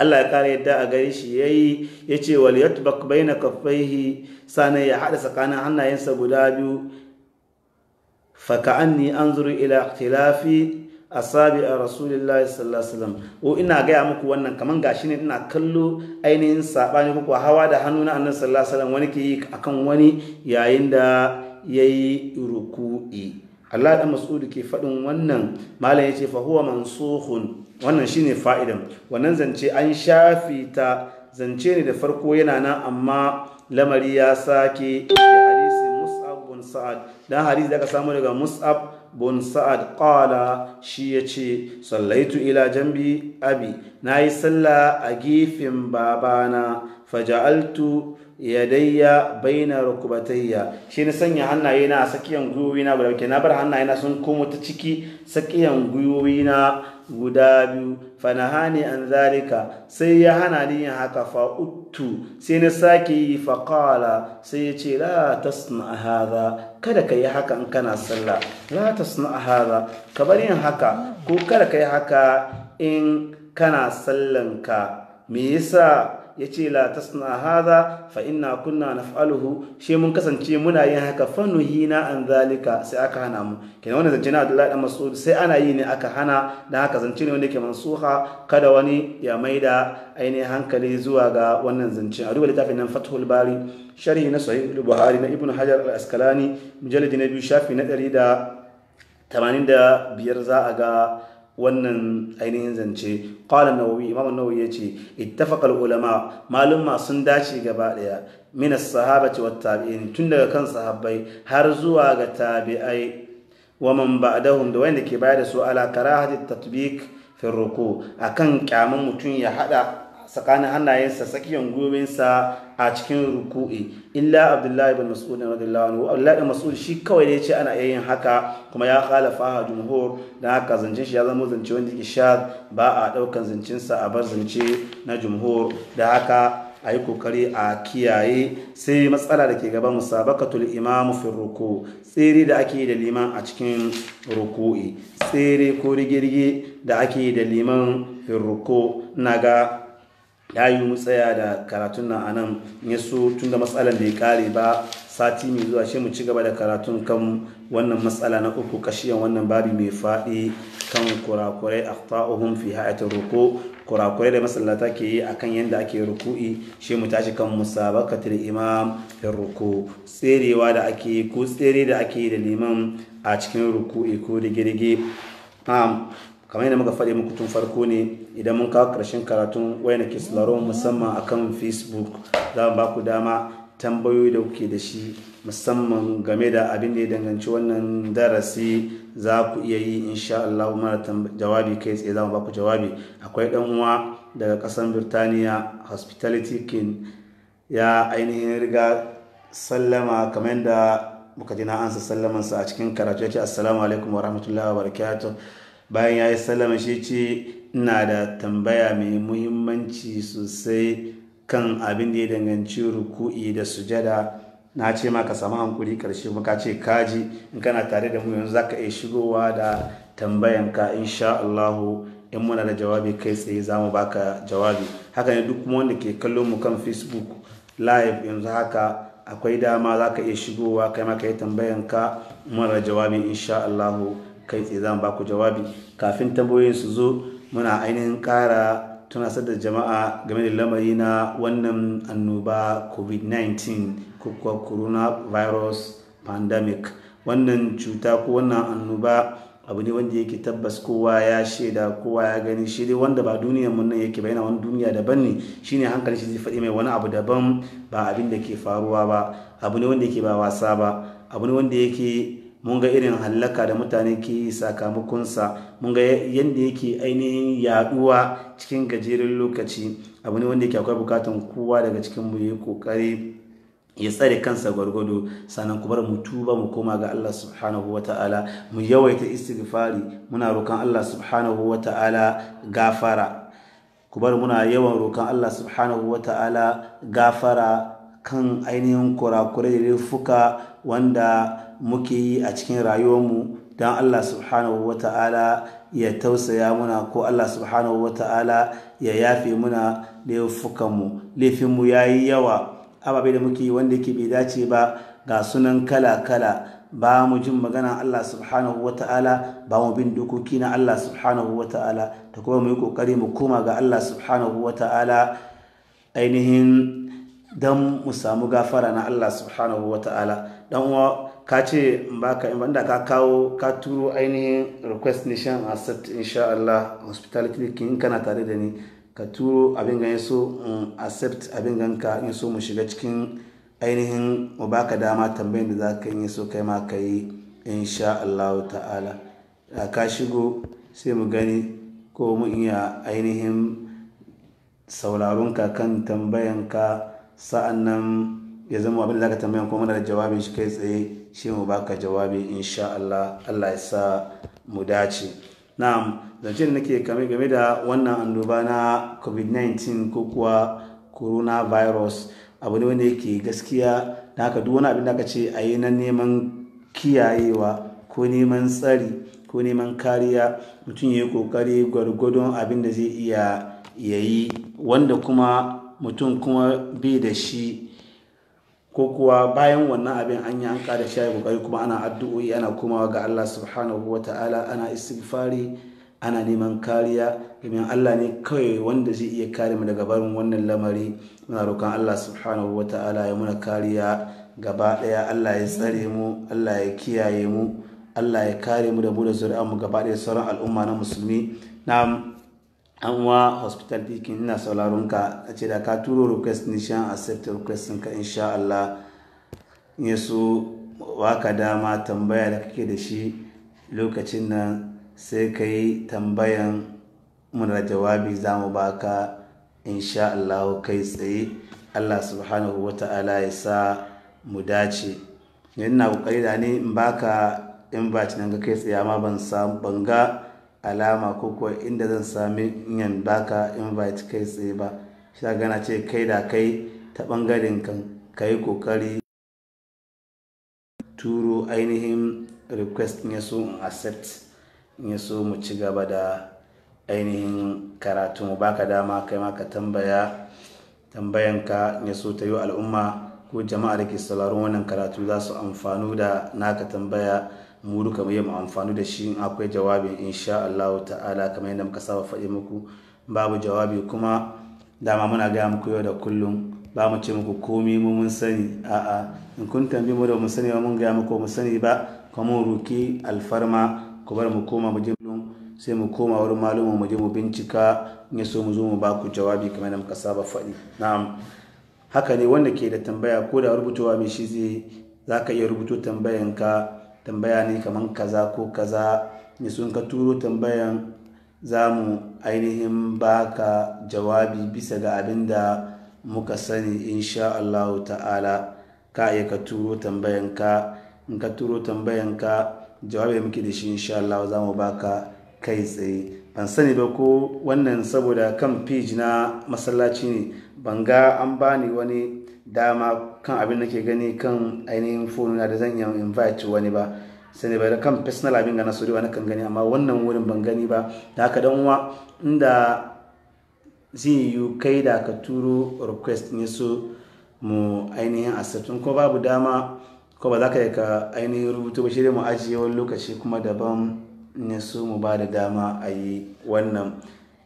Allah ya kare yadda a gari shi yayi ce wal yatbaq baina kaffaihi sana ya hada tsakanin hannayensa guda biyu anzuru ila ikhtilafi asabi a rasulullahi sallallahu alaihi wasallam o ina gaya muku wannan kaman gashi ne ina kallo ainihin sabani A hawa da hannu na annabi sallallahu alaihi wani ke yi akan wani yayin da yayi ruku'i Allah da Mas'udu ke faɗin wannan malam yace fa huwa mansukhun wannan shine fa'idan wannan zance an shafi ta zance ne da farko yana nan amma lamari ya sake ya hadisi Mus'ab bin Sa'ad dan hadisi da ka samu daga Mus'ab bun sa'ad ƙala shi ya ce, sallaitu ila jambi abi Na yi sallah a gifin babana faja'altu daya baina rukubatayya shi na sanya hannaye na a tsakiyan gwiwowi na guda ke na bar hannaye na sun komo ta ciki tsakiyan gwiwowi na guda biyu fanahani an zalika sai ya hana ni yin haka fa sai na sake yi fa sai ya ce la tasna haza. kada ka yi haka in kana sallah la tasna hada ka bar yin haka ko kada ka yi haka in kana sallanka me yasa ya ce la tasna haza fa inna kunna na fa’aluhu shi mun kasance muna yin haka fa na an zalika sai aka hana mu kenan wani zance na adalai da masu sai ana yi ne aka hana da haka zance ne wanda yake mansuha kada wani ya mai da ainihin hankali zuwa ga wannan zance a duba littafin nan Fathul Bari sharhi na Sahih Buhari na Ibn Hajar al Askalani mujalladi na biyu shafi na 185 za a ga wannan ainihin zance qala nawawi imam nawawi yace ittafaqa ulama malumma sun dace gaba ɗaya min as wa tabi'in tun daga kan sahabbai har zuwa ga tabi'ai wa man ba'dahum da wanda ke bayar da su ala karahati tatbik fi akan kyaman mutum ya hada tsakanin hannayensa tsakiyar gurbinsa a cikin ruku'i illa abdullahi bin mas'ud radiyallahu anhu abdullahi ibn mas'ud shi kawai ne ce ana iya yin haka kuma ya kala faha jumhur da haka zancen shi ya zama zance wanda yake shad ba a daukan zancensa a bar zance na jumhur da haka a yi kokari a kiyaye sai matsala da ke gaba musabakatul imam fi ruku tsere da ake yi da liman a cikin ruku'i tsere ko rige da ake yi da liman fi ruku na ga ya yi mu tsaya da karatun nan anan ya so tun da matsalan da ya kare ba sati mai zuwa shi mu ci gaba da karatun kan wannan matsala na uku kashiyan wannan babi mai faɗi kan kurakurai ta'uhun fi haɗa ruku kurakurai da masallata ke yi akan yadda ake ruku'i shi mu tashi kan musabaqatul imam da ruku tserewa da ake yi ko tsere da ake yi da liman a cikin ruku'i ko da girgi kamar yadda muka faɗi muku tun farko ne idan mun kawo ƙarshen karatun wayan kislaro musamman a kan facebook za mu ba ku dama tambayoyi da kuke da shi musamman game da abin da ya danganci wannan darasi za ku iya yi insha Allah mara jawabi kai tsaye za mu baku jawabi akwai dan uwa daga kasan Birtaniya hospitality king ya ainihin riga sallama kamar da muka ji na ansa sallamansa a cikin karatu ya ce assalamu alaikum wa rahmatullahi wa barakatuh bayan ya yi salama shi ce ina da tambaya mai muhimmanci sosai kan abin da ya danganci ruku'i da sujada na ce ma ka samu hankuri karshe muka ce kaji in kana tare da mu yanzu zaka iya shigowa da tambayanka insha Allah in muna da jawabi kai tsaye za mu baka jawabi haka ne duk wanda ke kallon mu kan facebook live yanzu haka akwai dama za ka iya shigowa kai maka yi tambayanka muna da jawabi insha Allah kai tsaye za mu baku jawabi kafin tambayoyin su zo muna ainihin ƙara tunasar da jama'a game da lamari na wannan annoba covid-19 ko kuwa coronavirus pandemic wannan cuta ko wannan annoba abu ne wanda yake tabbas kowa ya shaida kowa ya gani shi dai wanda ba duniyar mun nan yake ba yana wani duniya daban ne shine hankali shi zai faɗi mai wani abu daban ba abin da ke faruwa ba abu ne wanda yake ba wasa ba abu ne wanda yake mun ga irin hallaka da mutane ke sakamakonsa mun ga yadda yake ainihin yaduwa cikin gajeren lokaci abu ne wanda yake akwai bukatan kowa daga cikin mu yi kokari ya tsare kansa gwargwado sannan kuma mu tuba mu koma ga Allah subhanahu ta'ala mu yawaita istighfari muna roƙon Allah subhanahu ta'ala gafara kubar muna yawan roƙon Allah subhanahu ta'ala gafara kan ainihin kurakurai da fuka wanda muke yi a cikin rayuwarmu don Allah subhanahu wa ta'ala ya tausaya muna ko Allah subhanahu wa ta'ala ya yafe muna laifukanmu laifinmu ya yi yawa ababe da muke yi wanda yake bai dace ba ga sunan kala-kala ba mu jin magana Allah subhanahu wa ta'ala ba mu bin dokoki na Allah subhanahu wa ta'ala ta kuma mu yi kokari mu koma ga Allah subhanahu wa ta'ala ainihin don mu samu gafara na Allah subhanahu wa ta'ala dan uwa ka ce ba ka banda ka kawo ka turo ainihin request nation asset insha Allah hospitality in kana tare da ni ka turo abin gan so accept abin gan ka in so mu shiga cikin ainihin mu baka dama tambayin da zaka yi so kai ma ka yi insha Allah ta'ala ka shigo sai mu gani ko mu iya ainihin sauraronka kan tambayanka sa'annan nan ya zama abin da za ka tambayan ko mana da jawabin shi kai tsaye shi mu baka jawabi insha Allah Allah ya sa mu dace na'am zancen nake kame game da wannan annoba na covid-19 ko kuwa coronavirus abu ne wanda yake gaskiya da haka duk wani abin da aka ce a yi na neman kiyayewa ko neman tsari ko neman kariya mutum ya yi kokari gwargwadon abin da zai iya yayi wanda kuma mutum kuma bai da shi ko kuwa bayan wannan abin an yi an kada shayi kokari kuma ana addu'o'i ana komawa ga Allah subhanahu wa ta'ala ana istighfari ana neman kariya domin Allah ne kawai wanda zai iya kare mu daga barin wannan lamari muna roƙon Allah subhanahu wa ta'ala ya muna kariya gaba ɗaya Allah ya tsare mu Allah ya kiyaye mu Allah ya kare mu da mu da zuri'an mu gaba ɗaya sauran al'umma na musulmi na an wa hospital dikin ina sauraron ka a ce da ka turo request ni shan accept request ka insha Allah in so waka dama tambaya da kake da shi lokacin nan sai ka yi tambayan muna jawabi za mu baka insha Allah kai tsaye Allah subhanahu wa ta'ala ya sa mu dace ina kokari da ni in baka in nan ga kai tsaye amma ban ga alama ko kuwa inda zan sami yan baka invite kai tsaye ba shi gana ce kai da kai ta ɓangaren kan ka yi kokari turo ainihin request in yaso in accept in yaso mu ci gaba da ainihin karatu mu baka dama kai ma ka tambaya tambayanka in yaso ta yi al'umma ko jama'a da ke sauraron wannan karatu za su amfanu da naka tambaya mu duka mu yi amfani da shi akwai jawabin insha Allah ta'ala kamar yadda muka saba faɗi muku babu jawabi kuma dama muna gaya muku yau da kullum ba mu ce muku komi mu mun sani a'a in kun tambi mu da mu sani ba mun gaya muku mu sani ba kuma mun ruki alfarma ku bar mu koma mu je sai mu koma wurin malumin mu je mu bincika in ya so mu zo mu ba ku jawabi kamar yadda muka saba faɗi na'am haka ne wanda ke da tambaya ko da rubutowa mai shi zai za ka iya rubuto tambayanka tambaya ne kamar kaza ko kaza ne sun ka turo tambayan za mu ainihin baka jawabi bisa ga abin da muka sani insha Allah ta'ala ka iya ka turo tambayanka in ka turo tambayanka jawabi muke da shi insha Allah za mu baka kai tsaye ban sani ba ko wannan saboda kan page na masallaci ne ban ga an bani wani dama kan abin da ke gani kan ainihin phone na da zan yi invite wani ba sai bai da kan personal abin ga nasu na kan gani amma wannan wurin ban gani ba da haka dan uwa inda zin yi kai da ka turo request ne su mu ainihin asatun ko babu dama ko ba za ka yi ka ainihin rubutu ba shi mu ajiye wani lokaci kuma daban ne su mu ba da dama a yi wannan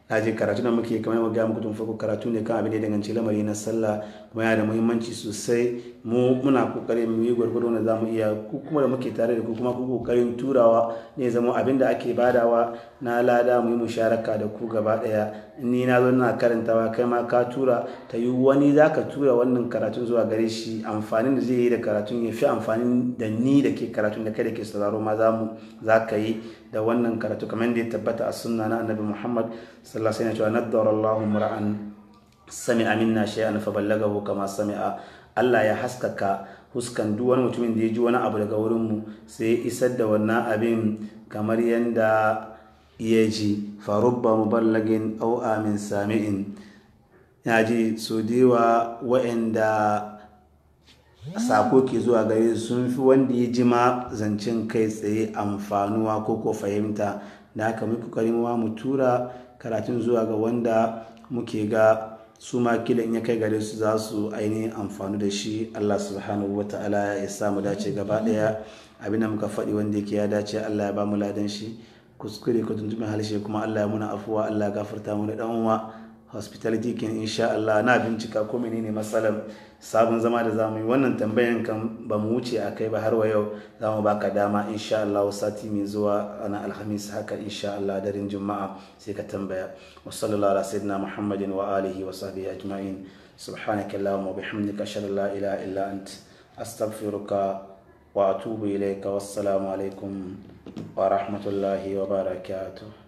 na je karatu da muke kamar mu gaya muku tun farko karatu ne kan abin da ya danganci lamari na sallah kuma yana da muhimmanci sosai mu muna kokari mu yi da na zamu iya ku kuma da muke tare da ku kuma ku kokarin turawa ne zama abin da ake badawa na lada mu yi musharaka da ku gaba daya ni na zo ina karantawa kai ma ka tura ta yi wani zaka tura wannan karatun zuwa gare shi amfanin da zai yi da karatun ya fi amfanin da ni da ke karatun da kai da ke sauraro ma zamu zaka yi da wannan karatu kamar da ya tabbata a sunna na annabi muhammad sallallahu alaihi wasallam naddara allahu mura'an sami'a minna shay'an fa ballagahu kama sami'a allah ya haskaka huskan duk wani mutumin da ya ji wani abu daga wurinmu sai ya isar da wannan abin kamar yadda ya ji farubba muballagin au amin sami'in ya ji su diwa wa'anda sako ke zuwa gare sun fi wanda ya ji ma zancen kai tsaye amfanuwa ko ko fahimta da haka muke kokarin mu tura karatun zuwa ga wanda muke ga su ma kilan ya kai gare su za su ainihin amfani da shi Allah subhanahu wa ta'ala ya samu dace gaba daya abin da muka faɗi wanda yake ya dace Allah ya ba mu ladan shi kuskure ko tuntuɓin halshe kuma Allah ya muna afuwa Allah ya gafarta mu da ɗan'uwa hospitality kin insha Allah na bincika ko menene matsalar sabon zama da zamu yi wannan tambayan kan ba mu wuce a kai ba har wa yau za mu baka dama insha Allah sati mai zuwa ana alhamis haka insha Allah darin juma'a sai ka tambaya wa sallallahu ala sayyidina muhammadin wa alihi wa sahbihi ajma'in subhanaka allahumma wa bihamdika ashhadu an la ilaha illa ant astaghfiruka wa atubu ilayka wassalamu alaikum wa rahmatullahi wa barakatuh